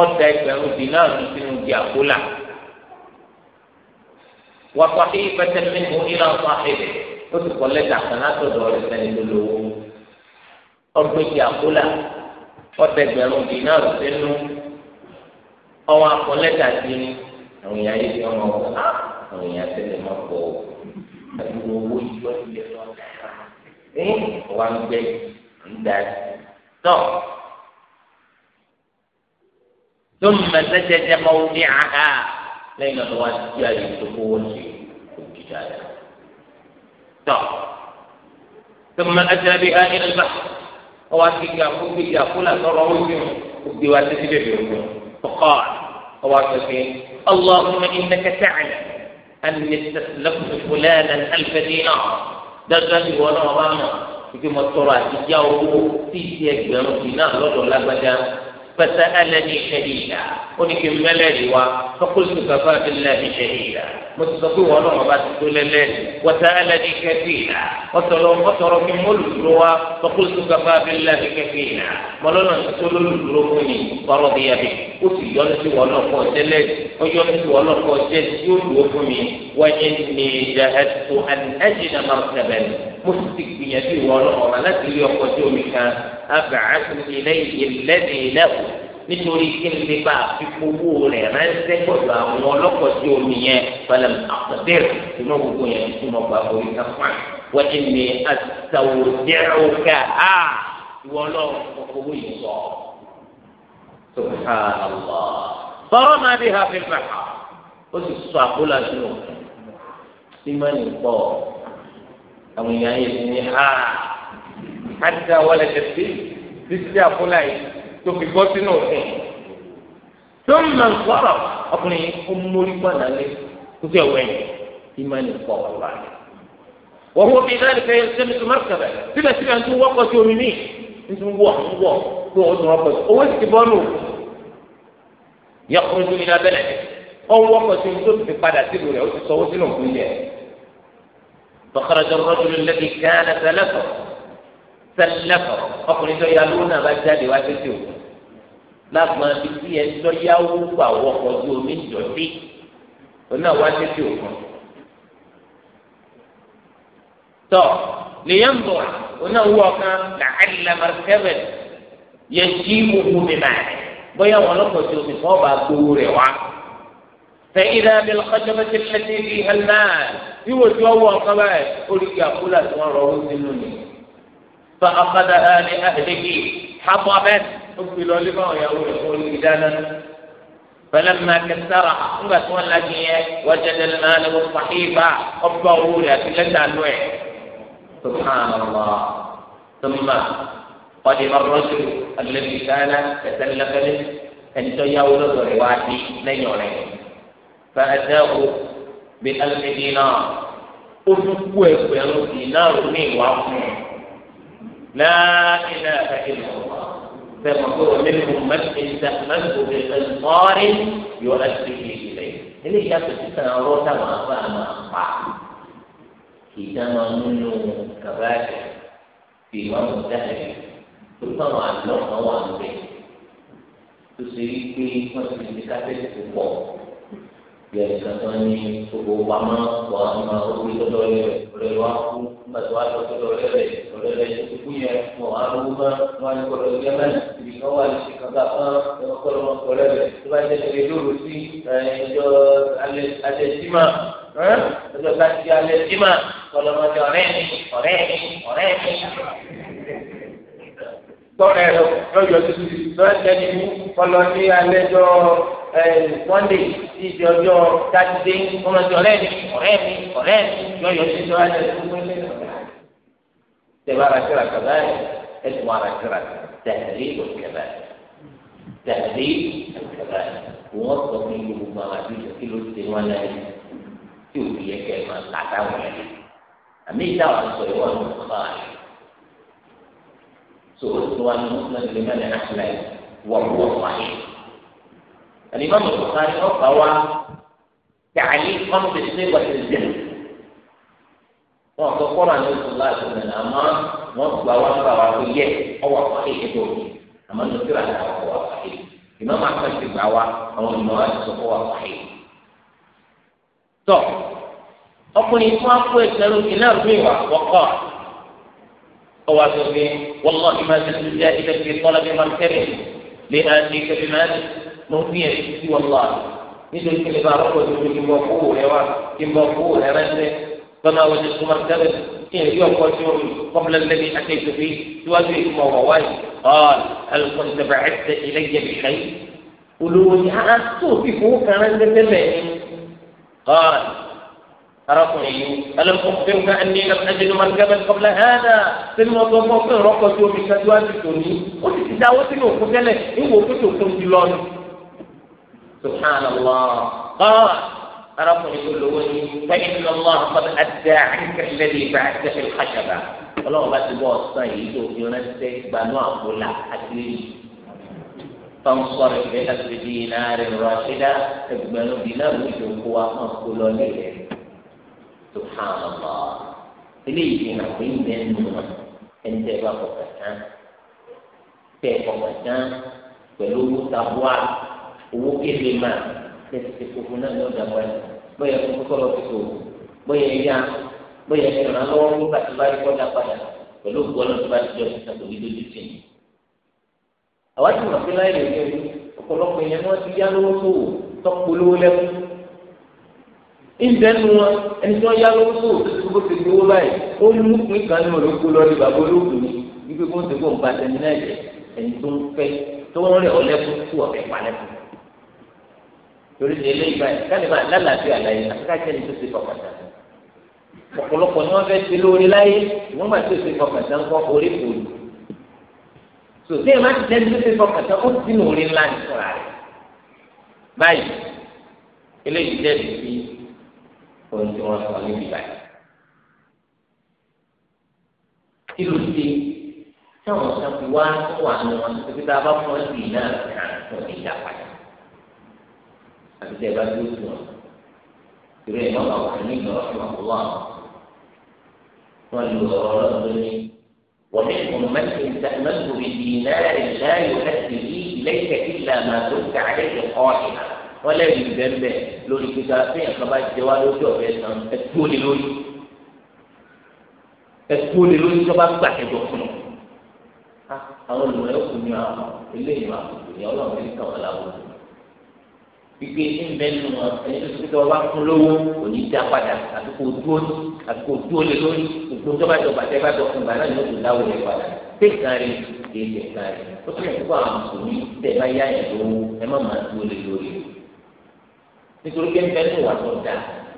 ọ̀dà ẹgbẹ̀rún dínà sínú ìdí àkúlà. وصحيفة منه إلى صاحبه وتقول لك أحسنات دور الثاني للو أرجوك يا أقولا وتقبلون دينار سنو أو أقول لك أتيني أو يا إيدي أو أو يا سيدي مقبو أقول له ويجب أن يكون إيه وأنا بيت طب ثم سجد موضعها lẹ́yìn náà wá sí àyè tó kówó sí òkìjà rẹ̀. tọ́ tọ́mọ ẹ̀sẹ̀ bíi ayé lọ́gbà ọwọ́ akéka kó gbèjì àkólà sọ̀rọ̀ ó yún ògbé wa títí bèbè ògùn tọkọ́ ọwọ́ akéka اللهم إنك تعلم أني استسلفت فلانا ألف دينار dájúdájú ìwọ náà wà mọ̀ ìgbìmọ̀ tọrọ àtijọ́ owó tí ì ẹgbẹ̀rún fẹsẹ̀ ẹlẹ́ni ṣẹ̀hìdà ó ní kí n mẹ́lẹ́rì wa fọkùsù kàfà ẹlẹ́ni ṣẹ̀hìdà mo ti sọ pé wọn náà bá ti tó lẹ́lẹ́rì wọ́tẹ̀ ẹlẹ́ni kẹfìlà ọ̀sọ̀rọ̀ kí n mọ́ lùdúró wa fọkùsù kàfà ẹlẹ́ni kẹfìlà mọ́lọ́nà ti tó lùdúró fún mi kọ́rọ́ bí yàrá ó sì yọ́nú sí wọn náà kọ́ tẹ́lẹ̀ ó yọ́nú sí wọn náà kọ́ tẹ́lẹ̀ tí ó dúró fún mi wọ́n yẹn ní mo sì ti gbìyànjú ìwọ ọlọ́mọ láti rí ọkọ̀ tí omi kan abàásù ilé ìlẹ́dẹ̀ ìlẹ́kùn nítorí kí n lè bá àfikowó rẹ̀ ránṣẹ́ gbọ́dọ̀ àwọn ọlọ́kọ̀ tí omi yẹn pẹ̀lẹ́ àkọ́dẹ́rẹ́ ìná gbogbo yẹn tí mo gbà orí kan fún un wọ́n ti ní àtàwọ̀dẹ́rọ̀kà á ìwọ ọlọ́run ọkọ̀wé yìí sọ. bọ́rọ̀ máa bí hafi fẹ́ ó sì sọ àkólà sínú ìmọ̀ nìkan àwọn èèyàn yẹn ti ní ha àti àwọn ẹlẹ́tẹ̀sí títí tí àfúlà yìí tó fi gbọ́ sínú òfin tó ń mọ̀ sọ̀rọ̀ ọkùnrin yìí ó mórí gbọ́nà lé kókó ẹ̀wẹ̀ yìí má ní kọ́ ọ̀rọ̀ rẹ̀ wọ́n wọ́n fi náà nìkan yẹn sẹ́mi tó má kẹ̀rẹ̀ síbẹ̀síbẹ̀ ń tún wọ́pọ̀ sí omi míì ń tún wọ̀ ń wọ̀ tó wọ́n tún wọ́pọ̀ sí owó ti bọ́ nù yọkùnrin tó ní abẹ́lẹ̀ ọ̀wọ́pọ̀ فخرج الرجل الذي كان سلفه سلفه ọkùnrin tó yà lóhùn náà bá jáde wá sí tòun lágbọn bíbí ẹni tó yáwó gbà wọkọ ju omi ìjọsí òun náà wá sí tòun. tọ lèyàn bọ òun náà wú ọkan làálà màkẹbẹ yẹn jí gbogbo mi máa bóyá wọn lọkọ ju omi kọ́ bá gbowó rẹ̀ wá. فإذا بالخشبة التي فيها الماء يوجوه القبائل قل يا فلان وروه النوني فأخذها لأهله حطبا أقبلوا لما يقول إذانا فلما كسرها بس والذي وجد المال والصحيفة أبوه النوع سبحان الله ثم قدم الرجل الذي كان تسلف منه أن تجاوز الرواتي لن يعلمه فأتاه بألف دينار أفكوا يقبلوا دينار من وعفو لا إله إلا الله فمكروا منهم من استأمنت بالإنصار يؤديه إليه إليه يقف تنارو تما فأما أقع في تما منه كباك في وعن الزهر تطمع اللوحة وعن بيت تسيري في مسجد كابل في yẹn kankan ní gbogbo pamọ́ wà má orí tó lọ rẹ rẹ wá kú pàtó wá lọ tó lọ rẹ rẹ lọ rẹ tó ti kú yẹn mọ wá lówó mọ wọn ní kọlọ yẹn mẹ ibi kan wà lóṣù kankan kan ẹwọn kọlọ wọn kọlọ rẹ tó bá jẹ tẹ́lẹ̀ lóru sí ẹjọ́ alẹ́ alẹ́ símà ẹjọ́ bá ti alẹ́ símà kọlọ wọn jẹ ọ̀rẹ́ mi ọ̀rẹ́ mi ọ̀rẹ́ mi tọrẹ lọ yọ tuntun lọ jẹ nínú kọlọ ní alẹ́ jọ. Sunday tí ìṣe ọjọ́ sátidé wọ́n máa ti ọ̀rẹ́ mi ọ̀rẹ́ mi ọ̀rẹ́ mi yọ̀yọ̀ sí ìṣọ́ ajá tó gbé lé. Tẹ̀wé ara kíra kàdá ẹ̀ ẹ̀sùn ara kíra tẹ̀lé ìlòkèlè tẹ̀lé ìlòkèlè wọ́n sọ fún ilé gbogbo àwọn àti ìṣọ́ kí ló ti wọ́n náà tí ò fi yẹ kẹ́ ẹ̀ máa tàtà wọ̀ ẹ̀ àmì ìdáwà sọ ìwọ ní ọ̀sán àlè. So, ó ti wá ní Mùsùlùmí lè mẹ́rin àṣìlẹ̀ wọ̀ wọ̀ wáyé. الإمام البخاري روى تعليق خمس صيغة الجهل wọn kọ kọrọ àti ìṣúná ìṣúná àmọ́ wọn gba wọn gba wa pé yẹ ọwọ́ àkọọlẹ ètò òkè àmọ́ ní kíra ní àwọn ọwọ́ àkọọlẹ ìmọ̀ máa kàn sí gbà wa àwọn ìmọ̀ wa ti sọ fọwọ́ àkọọlẹ. tọ ọkùnrin tí wọn kó ẹsẹ̀ lókè náà rí ìwà wọkọ ọwọ́ àti òfin wọn lọ ìmọ̀ ẹsẹ̀ tó jẹ ilé fi tọ́lá bí wọn kẹrin lè hàn ní kẹfì máa ń mo fi ẹ̀sùn sí wọn lọ nítorí kí lè bá rọ́pò tó fi mọ kó rẹ wá kí mọ kó rẹ rẹ́sẹ̀ tọ́nà wọ́n ti súnmọ́ tẹ́lẹ̀ kí n yọ ọkọ tí o kọ́mílẹ̀ lẹ́bi àti ìtòfí síwájú ìmọ̀ wọ̀ wáyé ọ̀ọ́n alùpùpù ìtẹ̀bẹ̀ ẹ̀sẹ̀ ilé jẹ̀bi ṣáyé olówó ni a tó fi fowó kan rẹ́sẹ̀ tẹ́lẹ̀ ọ̀ọ́n arákùnrin yìí alùpùpù ìtẹ̀bẹ̀ ẹni ẹ̀dínú màlúkẹ́bẹ̀ kọ́mílẹ̀ hẹ́nà sínú ọgbọ́n fún ìrọ́kọ̀ tí o fi ṣáájú àti tòní ó ti ti dáwọ́ sínú òkú tẹ́lẹ̀ سبحان الله قال أرقني كل ولي فإن الله قد أدى عنك الذي بعث في الخشبة ọlọ́run bá ti bọ́ ọ̀sán yìí tó fi ránṣẹ́ gbanú àpòlà àtìlẹ́yìn fáńsọ̀rọ̀ ìfẹ́ láti di iná rẹ̀ rọ̀ṣídá ẹgbẹ̀rún bíi náà ló ti kó wa kàn kó lọ nílẹ̀ tó hàn lọ. eléyìí fi hàn pé ìgbẹ́ nù ẹni tẹ́ bá kọ̀ọ̀kan tán tẹ́ kọ̀ọ̀kan tán pẹ̀lú owó tabua owó kéde máa tẹsí kókó náà ní ọjà wáyé bóyá kókó kọ́ lọ sí kò bóyá yá bóyá ìrànlọ́ lọ́wọ́ nígbà tó bá rí kọjá padà pẹ̀lú ògbọ́nà tó bá ti jọ ìta tó ní lójú tì í. àwa ti mọ̀ pé láì lè lè ọ̀pọ̀lọpọ̀ ìyẹn wọn ti yá lówó sòwò tọ́pọ̀ lówó lẹ́kù. ìbẹ́nu wọn ẹni tí wọ́n yá lówó sòwò tó ti kókó ti gbowó báyìí ó kan ní olóko lọ ní bàbá olóògùn ni wípé kó ń tẹ́kọ̀ọ́ ń ba torí ní ilé ìgbà yìí káni máa lálàáfíà láyé àtúkàjẹ́ ní tó ṣe fọkàtà ọ̀pọ̀lọpọ̀ ni wọ́n fẹ́ ti lórí láyé ìwọ́n máa tó ṣe fọkàtà ń kọ́ orí kò lù tó tí èèyàn máa ti tẹ́lẹ̀ tó ṣe fọkàtà ó ti nù orí ńlá nìkúra rẹ̀ báyìí eléyìí jẹ́ ìdí ohun tí wọ́n sọ níbi báyìí kí ló dé táwọn kan fi wá wà nù wọn tó fi a bá fọ́ọ̀lì náà kàn fún ìjà padà àti tẹ bá dúró tó wọn ìrẹ ìmọ̀ bá wà ní ìgbà ọ̀sán àkùlọ̀ wọn lu ọ̀rọ̀ ọlọ́run tó ní wọ́n ní kò mẹ́tì mẹ́tò ìdí náírà ìdáyò láti rí ìlẹ́kẹ̀ ìlà máa tó ká àdéhùn ọ̀hìn wọn lẹ́yìn bẹ́ẹ̀ lórí kíkà fún yàtọ̀ bá jẹ wá lójú ọ̀bẹ tán ẹ̀kú ni lórí ẹ̀kú ni lórí tó bá gbà ẹ̀jọ̀ fún un ah, àwọn olùwẹ̀ ọkùnrin àwọn eléyìí máa kò ọlọ́run ní ike ńbẹ́nu ọ̀sẹ̀ nítorí ọba kún lówó kò ní dá padà àdúgbò dúró àdúgbò dúró lé lórí gbogbo tó bá jọ bàtẹ́ bá jọ fún bàtà ní oṣù láwọ̀ yẹn padà pé kárí kì í ṣe kárí ó tún ẹ̀kọ́ àwọn mùsùlùmí tẹ̀ bá yá ẹ̀ lówó ẹ má máa dúró lé lórí nítorí pé ńbẹ́nu wà tó dà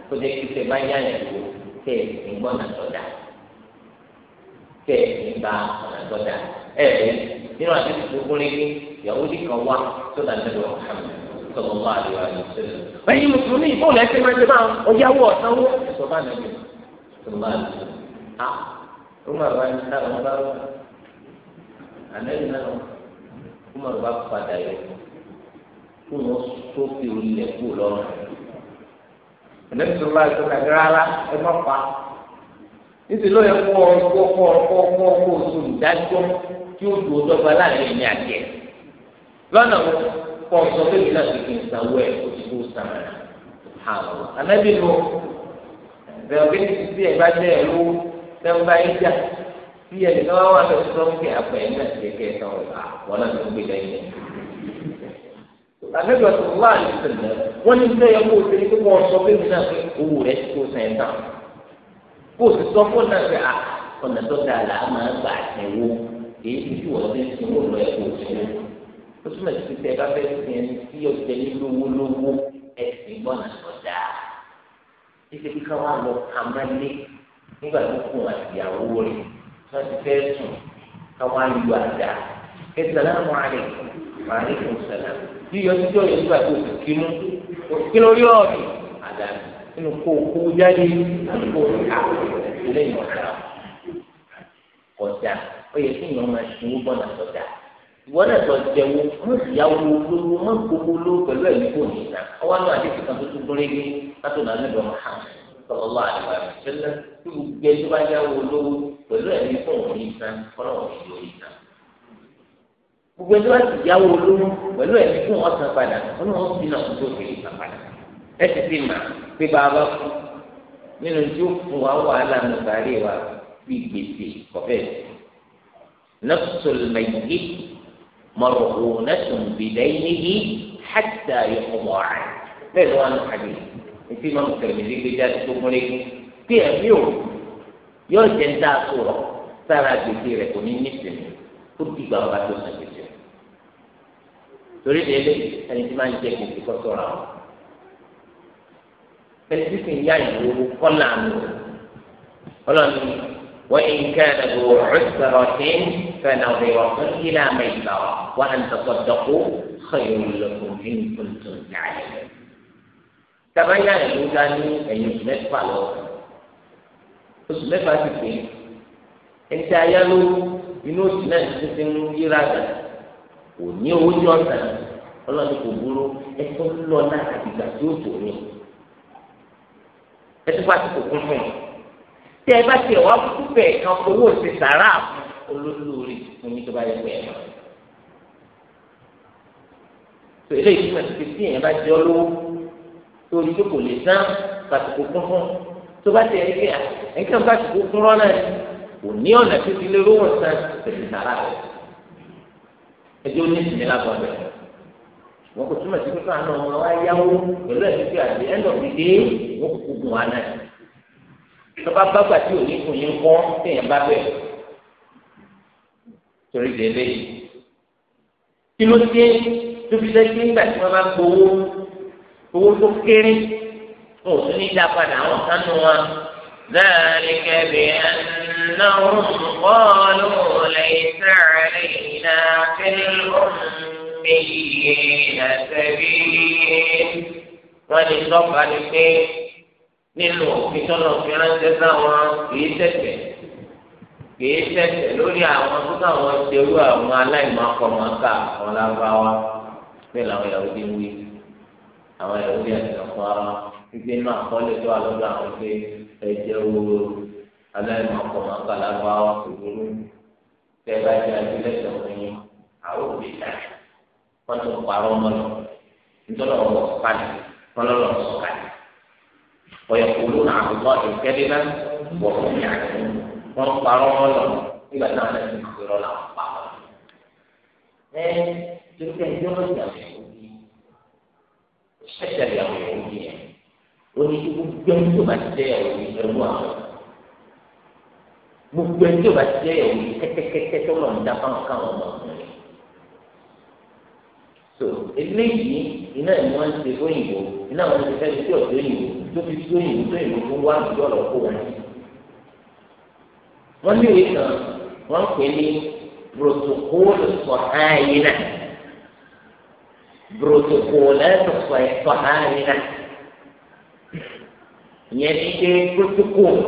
tó jẹ́ kí tẹ̀ bá yá ẹ̀ lówó tẹ̀ ìgbọ́n nà tó dà tẹ̀ ìgbà nà tó dà ẹ̀ nínú àti sọ̀rọ̀ máa lè wà ní sẹ́lẹ̀. ẹ̀yin mùsùlùmí bóòlù ẹsẹ̀ mẹ́tẹ́ máa ọ̀yáwó ọ̀sánwó. ẹ̀sọ́ bá nàbí sọ̀rọ̀ máa lè sọ̀rọ̀. a ó máa wá ní táwọn bá wà. àlẹ́yìn náà ó máa wá padà yọ kó wọn tó fi olè kú lọ́rùn. ẹ̀lẹ́yìn sọ̀rọ̀ máa sọ̀rọ̀ rárá ẹ má pa. níṣẹ́ ló yẹ kó ọkọ̀ ọkọ̀ ọkọ̀ ọkọ̀ olùdájọ́ tí ó dùn ó dọ́gba láàrin ẹ̀mí àti lọ́nà wọn kọ́ sọ pé ìlànà ti fi ìsanwó ẹ̀ ó ti kó sàmàlà àwọn anábì lọ bẹ̀rẹ̀ pé títí ẹ̀ bá jẹ́ ẹ̀ ló fẹ́ẹ́ bá yín jà bí ẹnìkan wá wà lọ́sọ̀ tó ń kẹ́ àpò ẹ̀ náà ti kẹ́ ẹ̀ tán àwọn náà ló ń gbé lẹ́yìn anábì ọ̀sán wà ní ìsìnlẹ̀ wọ́n ní sẹ́yẹ kó o ṣe kó wọ́n sọ pé ìlànà pé owó rẹ̀ ti kó sẹ́ńtà kó o sì sọ fún náà pé ọ̀nà tó dáa máa gbà ẹ̀wọ̀ èyí tí wọ́n ti ń sìn lọ ẹ̀kọ́ òṣèlú ó túmọ̀ sí pé ẹ bá fẹ́ sin ẹni tí ọ̀sẹ̀ ní lówó lówó ẹ̀sìn gbọ́nà lọ́dà títí bí ká wà lọ kàmálé nígbà tó kún àtìyàwó rẹ̀ tí wọ́n ti fẹ́ sùn ká wà lu àdá ẹ sàlámù àlẹ́kùn àlẹ́kùn sàlámù yíyọ títí ọ̀yọ́ nígbà tó kù kínú kí lórí ọ̀dì àdá nínú kó kó jáde kó ká lẹ́yìn ọ̀dà kọjá ó yẹ kí ìyọ́n máa ṣe owó ìwọ náà sọ jẹwo mú ìyàwó olówó mọ gbogbo olówó pẹ̀lú ẹ̀mí kò ní ìná ọwọ́ náà àti ìsìnkà tó tún gbórí ní látọ̀nà àlejò Muhammad sọlọ́lá àdìgbà ìṣẹ̀lẹ̀ tí gbogbo ẹjọ́ bá yàwó olówó pẹ̀lú ẹ̀mí kò ní ìná ọlọ́wọ́ ní ìlú ìná. gbogbo ẹjọ́ bá yàwó olówó pẹ̀lú ẹ̀mí kò wọ́n san padà ọlọ́wọ́ sì náà tó fi san padà ẹ ti fi mà pé bàbá kú nínú tí ó fún wa wàhálà nù مرهونة بدينه حتى يقضى عنه إيه هذا هو الحديث في من اللي في جاد فيها في أبيو يرجن صورة. فلا تثير كوني مثل كنت بابا تسمى تريد إيه؟ أن الإنسان يجب في كسورة فالسفن يجب يعني كل عمله ولن وإن كان ذو عسرة فنظر إلى ميسرة وأن تصدقوا خير لكم إن كنتم تعلمون تبين الإنسان أن يسمح فعله يسمح فعله أنت يلو inú oṣù náà ń yíra gbà kò ní owó tí ọ̀sà ọlọ́run kò burú ẹtọ́ lọ náà àti tí ó tò ní ẹtọ́ bá ti kún fún un tẹ ẹ bá tiẹ̀ wá kú kan owó ti sàrà fún olólùrí fún yín tó bá yẹ pé ẹ mọ. tó eléyìí túmọ̀ sí pé tí èèyàn bá jẹ́ olówó tó o tó kò lè sán pàtàkì kún fún tó bá tẹ̀ ẹ́ kíá ẹ̀ńkàn pàtàkì kún rán náà kò ní ọ̀nà tó ti lé lówó sàn tẹ̀lé sàrà rẹ̀ ẹjọ́ ní ìsinmi lágbọ̀n bẹ̀rẹ̀ wọn kò túmọ̀ sí pé káwọn ọmọ wa yáwó pẹ̀lú ẹ̀sìn pé àti ẹ̀ lọ́ọ̀dì dé kò kó gun wa náà tọ́ba bá gbà tí ò ní kun yín kọ́ torí lélẹ̀ yìí kí ló dé tó fi jẹ́ kí nígbà tí wọ́n bá gbowó owó tó kéré wọn ò tún ní dá padà àwọn kánú wọn láàrin kẹbí ẹnáwó bọ́ọ̀lù lẹ́yìn sáà lẹ́yìn náà fẹ́lẹ́ mẹ́yìn àtẹ̀bí wọ́n ní sọ́kà ni pé nínú òfin tọ́lọ̀ fi ránṣẹ́ sáwọn kì í tẹ̀tẹ̀ kìí tẹ̀sẹ̀ lórí àwọn tó káwọn ṣerú àwọn aláìmọ̀kọ̀mọ̀ká àwọn lábáwá bẹ́ẹ̀ làwọn ìyàwó ti ń wí àwọn ìyàwó ti ẹ̀sìn ọ̀pọ̀ ara gbígbé náà kọ́lé tó wà lọ́dọ̀ àwọn pé ẹ̀jẹ̀ wúro aláìmọ̀kọ̀mọ̀ká lábáwá kò burú tẹ́ bá jẹ́ ajílẹ̀sẹ̀ fún yín àwọn òbí ta wọ́n tún parọ́ mọ́ lọ nítorí ọ̀rọ̀ ọ̀pálẹ̀ wọ́n lọ́rọ̀ wọn parọ́ wọn lọ nígbà tí wọn lẹ́nu ìṣòro làwọn pa wọn. ẹ torí pé ẹjọ́ ló jà wọ́n yìí ṣẹ̀ṣẹ̀ lè àwọn èèyàn yìí yẹn oní tí gbogbo ẹni tó bá ti jẹ́ ìyàwó yìí ẹ̀rú àwọn gbogbo ẹni tó bá ti jẹ́ ìyàwó yìí kẹ́kẹ́kẹ́kẹ́ tó lọ́n dá fáwọn káwọn ọmọ ọkùnrin. so eléyìí iná ni wọ́n ń ṣe fóyìnbó iná wọn ti fẹ́ẹ́ tó òyìnbó tó fi tó òyìnbó tó òyìnbó tó wá àdúgbò ọ̀lọ́kọ̀ wọn yìí wọ́n lé ìwé kan wọ́n pè ní protokóòlù sọ̀hánìyàn protokóòlù sọ̀hánìyàn ìyẹn ti dé protokóòlù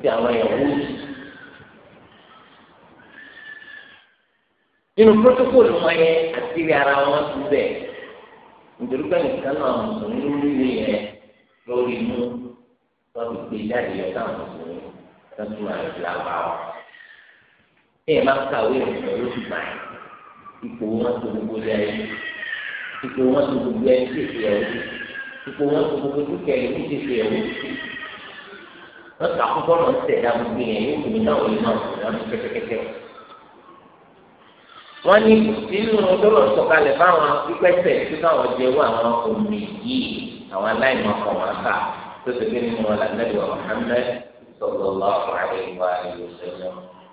ti àwọn ẹ̀wọ́ yìí. nínú protokóòlù wọn yẹn àti ara wọn ti bẹ̀ nítorí pé nìkan náà mùsùlùmí lórí yẹn lórí mú wọn fi gbé jáde yọ táwọn mùsùlùmí tọ́tù máa ń fi àgbà wọn. bí ẹ máa ń kàwé ìrìnà lóṣù báyìí ipò wọn tó gbogbo lé ayé ipò wọn tó gbogbo ẹni tètè ẹ̀wọ́ ipò wọn tó gbogbo dúkìá ẹni tètè ẹ̀wọ́ wọn kà kókó lọ ṣẹ̀dá gbogbo yẹn yóò fi náà wọlé náà wọlé náà kẹ́kẹ́kẹ́kẹ́ wọn ní nínú ọdọọrọ sọ̀kalẹ̀ fáwọn pípẹsẹ tí káwọn jẹ wọ àwọn omi yìí àwọn aláìmọkàn wọn kà tó ti nínú ọlànà صلى الله عليه وآله وسلم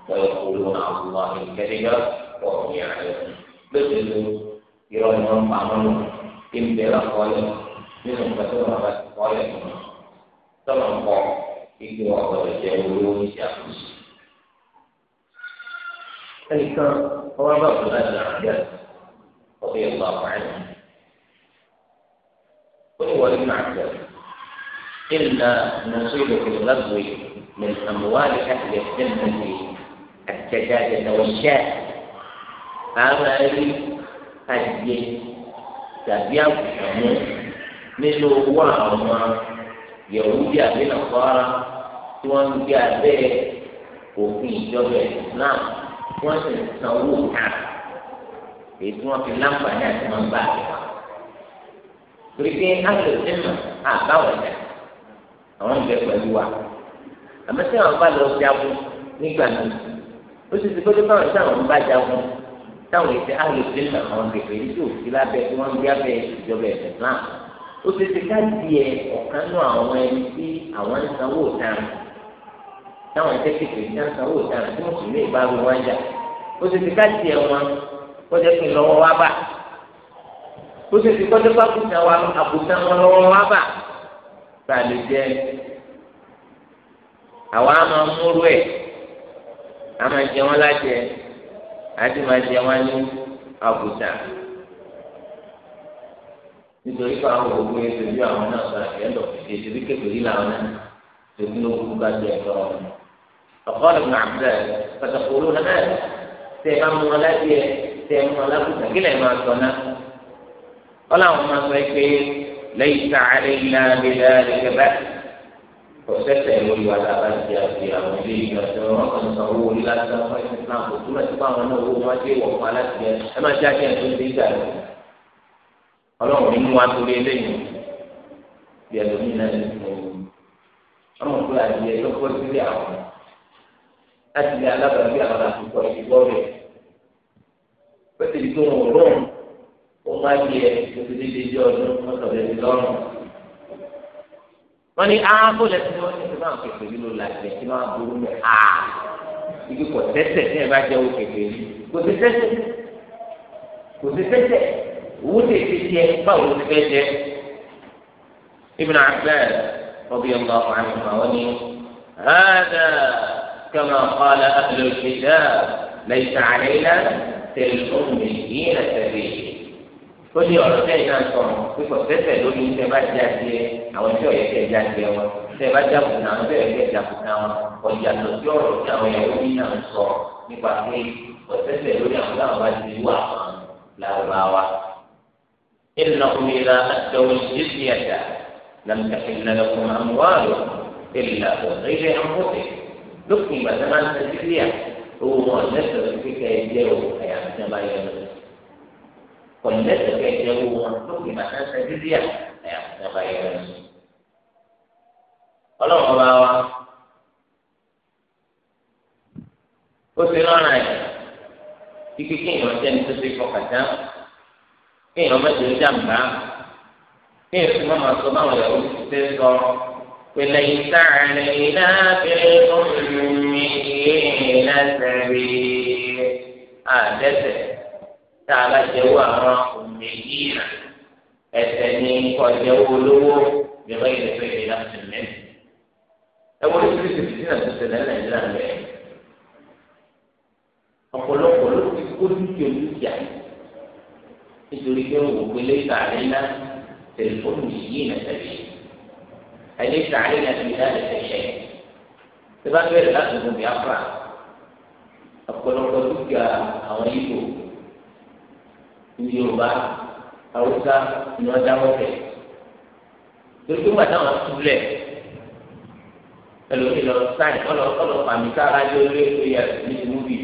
ويقولون عن الله الكذب وهم يعلمون بذلوا يرون معمول إن بلا قوله منهم كثيرا بس قوله طبعا قوله إذا وقت الجاهلون يأخذ ẹnìkan ọba bá ọdún láti àjẹ ọdún yẹn lọ àwọn ẹni ó ní wọlé náà jẹ إلا نصيبه اللغو من أموال أهل الذمة الكجاج والشاة أمري أجي تبيض حمود من هو أما يهودي أبي نصارى وأن جابه وفي جبه الإسلام وأن تسوقها إذن في لمبة ناس من بعدها. Pripe ak se zem, a bawa jan. àwọn ń bẹ pẹ̀lú wa àmọ́ tí àwọn bá lọ jagun nígbà náà ó sì ti gbọ́dọ̀ báwọn táwọn bá jagun táwọn ètè àlòsí nà àwọn bèbè yìí tó fi lábẹ́ tí wọ́n ń bí abẹ́ ìjọba ẹ̀sẹ̀ náà ó ti ti ká diẹ ọ̀kan náà àwọn ẹni tí àwọn ń sanwó dáhùn táwọn ẹ̀jẹ̀ kékeré ń sanwó dáhùn tí mùsùlùmí ìbáwí wọn jà ó ti ti ká diẹ wọn kọjá pé lọ́wọ́ wá bà ó ti ti kọjá pé àkùtà wọn lọ́wọ́ wá bà tá a lè jẹ àwa á máa múrú ẹ á máa jẹ wọn lájẹ á sì máa jẹ wọn ní àbùtà nítorí pé àwọn òwò yẹn tó bí àwọn náà sọ àti ẹ̀ńdọ̀ fìdí ètò bí kékeré làwọn náà tó bí ló kú bá jẹ ẹ̀tọ́ wọn. ọ̀pọ̀ ní àbúrò pàtàkì olú náà tẹ máa mú wọn láti ẹ mú wọn lábùtà kí lè máa sọ náà. wọ́n làwọn máa sọ pé ليس علينا بذلك بأس وسيسأل ولا بأس يأتي أمريكا سواء صاروا إلى سواء الإسلام ثم تقام أنه ما شيء وقالت أما شاكي أن تنسي ذلك ọlọ́run nínú wa torí eléyìí bí ẹlòmíín náà ní ìfowópamọ́ ọmọ tó la di ẹjọ́ kó sílé àwọn láti lé alábàágbé àwọn àtúntò ìgbọ́ rẹ̀ pẹ̀lú ìdí tó wọn rọrùn bá yẹ oṣù dídí di ọdún mọ́tọ̀lẹ́ ti lọ́rùn. wọ́n ní a kó lẹ́sìn tí wọ́n ní ìfúnná kẹfẹ́ yìí ló la jẹ́ kí wọ́n á burú mi à ibi kò tẹ́tẹ̀ ní ẹ̀bá jẹ́ òkè kẹfẹ́ kò sí tẹ́tẹ̀ kò sí tẹ́tẹ̀ owó tẹ̀ ti won ni ifunna kefe yii lo la je tí won a buru mi a ibi ko tete ni ba je ló ti fẹ́ jẹ. Ibn Abbas radiyallahu anhuma wọ́n ní hada kama qala ahlul kitab laysa alayna tẹ̀lé ọ̀hún mi yíyá ó ní ọ̀rọ̀ sẹ́yìn náà sọ ọ́ pé kò sẹ́sẹ̀ lórí tẹ bá já sí ẹ àwọn tí ọ̀yẹ́ tẹ já sí ẹ wọn tẹ bá já kùnà àwọn tẹ ọ̀yẹ́ já kùnà wọn ọ̀yà tó ọ̀rọ̀ tí àwọn ẹ̀rọ mi náà sọ nípa pé kò lórí àwọn táwọn bá ti wà wọn lárúbáwá. ìlànà omi la àtẹwò ṣíṣí ẹ̀dá làǹkà ìlànà kọlẹsẹ kẹjẹ wo wọn lókè màtá sẹdíríà ẹyà ìjọba yẹn lọ sí. Ọlọ́run ọba wa ó ti lọ́ràn ẹ̀ kíkí kéèyàn jẹ́ ní tó ṣe fọkàtà kéèyàn mẹ́tò ń jàǹbá kéèyàn sì má máa sọ báwọn ìyàwó ti ṣe sọ pẹlẹ ìsáàlẹ ìdábẹrẹ ọmọ mi ìyẹn ìlàsẹrẹ àdẹsẹ tá a bá jẹ́wọ́ àwọn òmìnir yìí nà ẹsẹ̀ ní ọ̀jẹ̀wọ́ olówó bẹ̀rẹ̀ ìrẹsẹ̀ yìí náà ti mẹ́. ẹ wọ́n ti fi ti náà tó ṣẹlẹ̀ nàìjíríà mẹ́. ọ̀pọ̀lọpọ̀ ló ti kó dúkìá dúkìá nítorí pé wò pélé sàárẹ̀ náà tẹlifóònù yìí nà tẹ̀lé ẹ̀lẹ́ sàárẹ̀ náà ti dá ẹsẹ̀ yẹ. tí bá bẹ̀rẹ̀ láti gùn bí afra ọ̀pọ̀lọpọ̀ dúkìá àwọn yìí ní yorùbá haúsá ni wọ́n dáwọ́ bẹ̀. torí pé màdá wọn túlẹ̀ ẹlòmíì lọ sáì ọlọ ọlọ pàmì sára lórí ètò ìyá ní ti múbi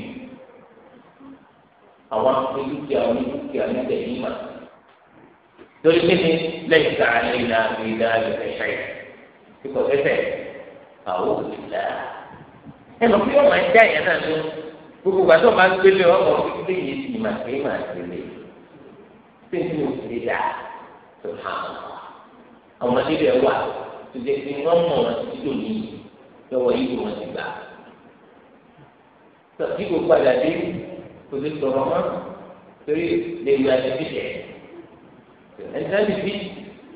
àwọn onídùúkìá onídùúkìá ní tẹ̀lé mà torí pé ní lẹ́yìn sáà ní ìlà ìlà ìfẹ̀ṣẹ̀ kíkọ̀ fẹ́fẹ̀ àwọn òkìlá ẹ lọ fi ọmọ ẹja ìyá náà ló gbogbo àti ọmọ agbélé ọmọ kékeré yìí ti mà pé mà gbélé yìí pé kí o sì lè dà tó hàn àwọn ọmọdé bẹ̀ wà tó jẹ́ pé wọ́n mọ̀ wọn títí lónìí lọ́wọ́ yìí wọn ti gbà. tọ́jú kò padà dé kò lè sọ̀rọ̀ mọ́ torí lè lu àti bíjẹ́ ẹ̀ńtẹ́ ti bí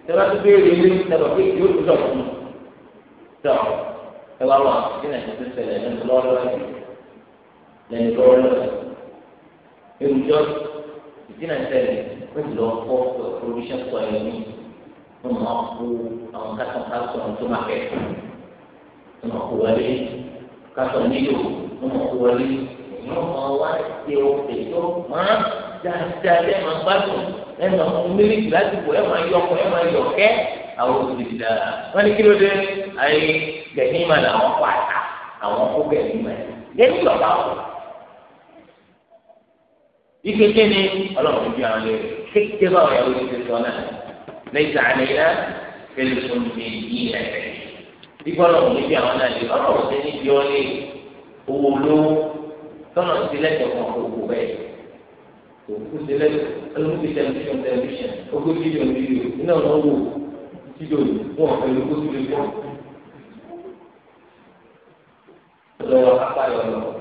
tẹ́lá tó béèrè ní ìtàbà pé yóò tó dọ̀ fún tọ́ ẹ wá wọn àti nàìjíríà tó ṣẹlẹ̀ lẹ́nu lọ́wọ́lọ́wọ́ lẹ́nu lọ́wọ́lọ́wọ́ èròjọ́ ìdí nàìjíríà ó sì lọ kọ́ provision sọ ẹ̀ ní ó máa kó àwọn kásánkásánsọ tó máa fẹ́ ó máa kó wọlé kásán nílò ó máa kó wọlé ìyọ́n máa wá ṣe òkè tó máa dáadáa lẹ́ẹ̀ máa gbádùn ẹ̀ máa mú mílíkì lásìkò ẹ̀ máa yọkọ̀ ẹ̀ máa yọkẹ́ àwọn olùdíje dára wọ́n ní kí ló dé ayé gẹ̀ẹ́nìmọ̀ làwọn kọ́ àtà àwọn kó gẹ̀ẹ́nìmọ̀ yẹn gẹ̀ẹ́nìmọ̀ bá wọ̀ ike kini ọlọ́run ju àwọn ẹrẹ kékeré báwọn yàrá òṣìṣẹ́ sọ náà lẹ́yìn àná yìí náà fẹlẹ fún mi yìí rẹ bíbọ ọlọ́run níbi àwọn náà lè ọlọ́run ti ní bíọ lé owó lówó tọnà ti lẹsẹ fún ọkọ bẹ́ẹ̀ òkú ti lẹsẹ ẹlòmí ti tẹlifíṣàn tẹlifíṣàn ogún fídíò fídíò iná ọ̀nà owó fídíò fún ọ̀fẹ́ lókòtò lè fọ́. apá yọ̀ lọ́wọ́.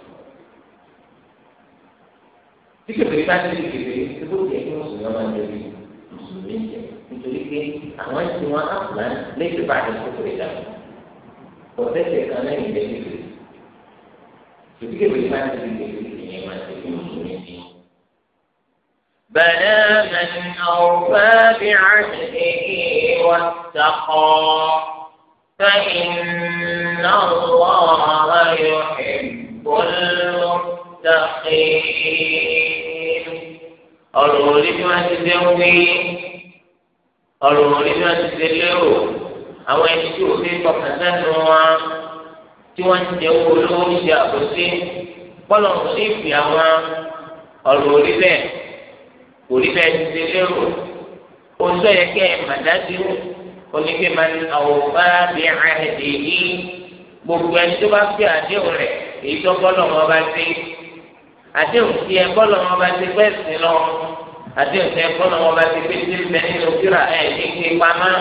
tí kèfèrí bá ti kèfèrí tí kò jẹ́ kí mùsùlùmí ọmọ ẹgbẹ́ bíi mùsùlùmí jẹ nítorí pé àwọn tí wọn àpùlá lẹ́sẹ̀ bá ti kèfèrí dà ọ̀tẹ̀tẹ̀ kan lẹ́yìn lẹ́yìn kèfèrí tí kèfèrí bá ti kèfèrí ìyẹn máa ti mùsùlùmí jẹ. بلى من أوفى بعهده واتقى فإن الله يحب المتقين المتقين ọ̀rọ̀ orí bí wọ́n ti dé ń wí ọ̀rọ̀ orí bí wọ́n ti dé lérò àwọn ẹni tí ò fi tọkàn sẹ́nu wọn tí wọ́n ti jẹ́ owó olówó ṣe àbòsí bọ́lọ̀ ń sí ìfì àwọn ọ̀rọ̀ orí bẹ́ẹ̀ orí bẹ́ẹ̀ ti dé lérò oṣù ẹ̀kẹ́ màdájú onígbèmọ̀ àwòrán bíi àhẹ̀dẹ̀ yìí gbogbo ẹni tó bá fi àdéhùn rẹ̀ èyí tó bọ́lọ̀ wọn bá dé àti òsì ẹ kọ́ lọ́wọ́ bá ti pẹ́ sí lọ àti òsì ẹ kọ́ lọ́wọ́ bá ti pẹ́ sí lọ nínú kíra ẹ̀ ní kí pamọ́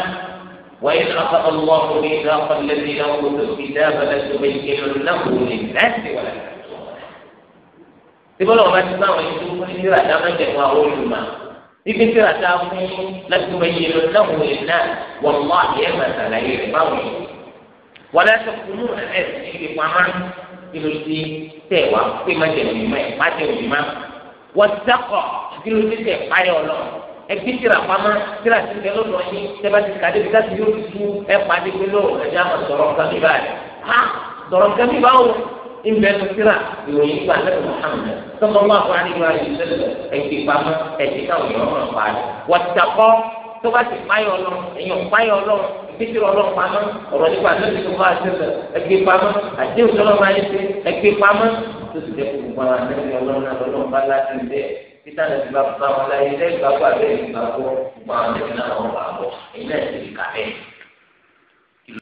wọ́n ọkọ̀ ọlọ́wọ́ kò ní ìdá ọkọ̀ lẹ́sìn náà kò tó fi dá abẹ́lẹ́ tó bẹ́ẹ̀ ṣe lọ náà kò ní láti wà láti tibọ́lọ̀ wọn bá ti báwọn ẹni tó fún ní kíra dá máa àwọn olùmọ̀ kí ló dé tẹ̀ wá pé má jẹ̀ mí mọ́ ẹ̀ má jẹ̀ mí mọ́ wọ́n ti dákọ̀ kí ló dé tẹ̀ páyọ̀ lọ ẹbí tìrà pamọ́ tìrà ti tẹ lọ́dọ̀ yín tẹ́bá ti kàdé bí káàtì yóò tu ẹ pàdé pé lọ́wọ́ ẹ̀jẹ̀ àmọ̀ sọ̀rọ̀ nǹkan bí báyìí ha sọ̀rọ̀ nǹkan bí báwo ìmẹ̀nu tìrà ìròyìn gba lẹ́nu Muhammad sọ́kọ́ wà fún àdìgbò àdìgbò ẹ̀jẹ̀ pamọ́ ẹ̀jẹ̀ káwọn yọ̀ tó bá ti páyọ̀ lọ èèyàn páyọ̀ lọ títí ọlọ́run pamọ́ ọ̀rọ̀ nípa lórí tó bá ṣẹlẹ̀ ẹgbẹ́ pamọ́ àdéhùn tó lọ́wọ́ ayé ṣe ẹgbẹ́ pamọ́ tó ti dẹ́kun gbogbo àwọn àdéhùn ọlọ́run náà lọ́wọ́ bá láti ń bẹ́ẹ̀ títà lè ti bá fún àwọn aláyé lẹ́gbàá gbàgbé ìgbàgbọ́ gbogbo àwọn àdéhùn náà wọ́n bá bọ̀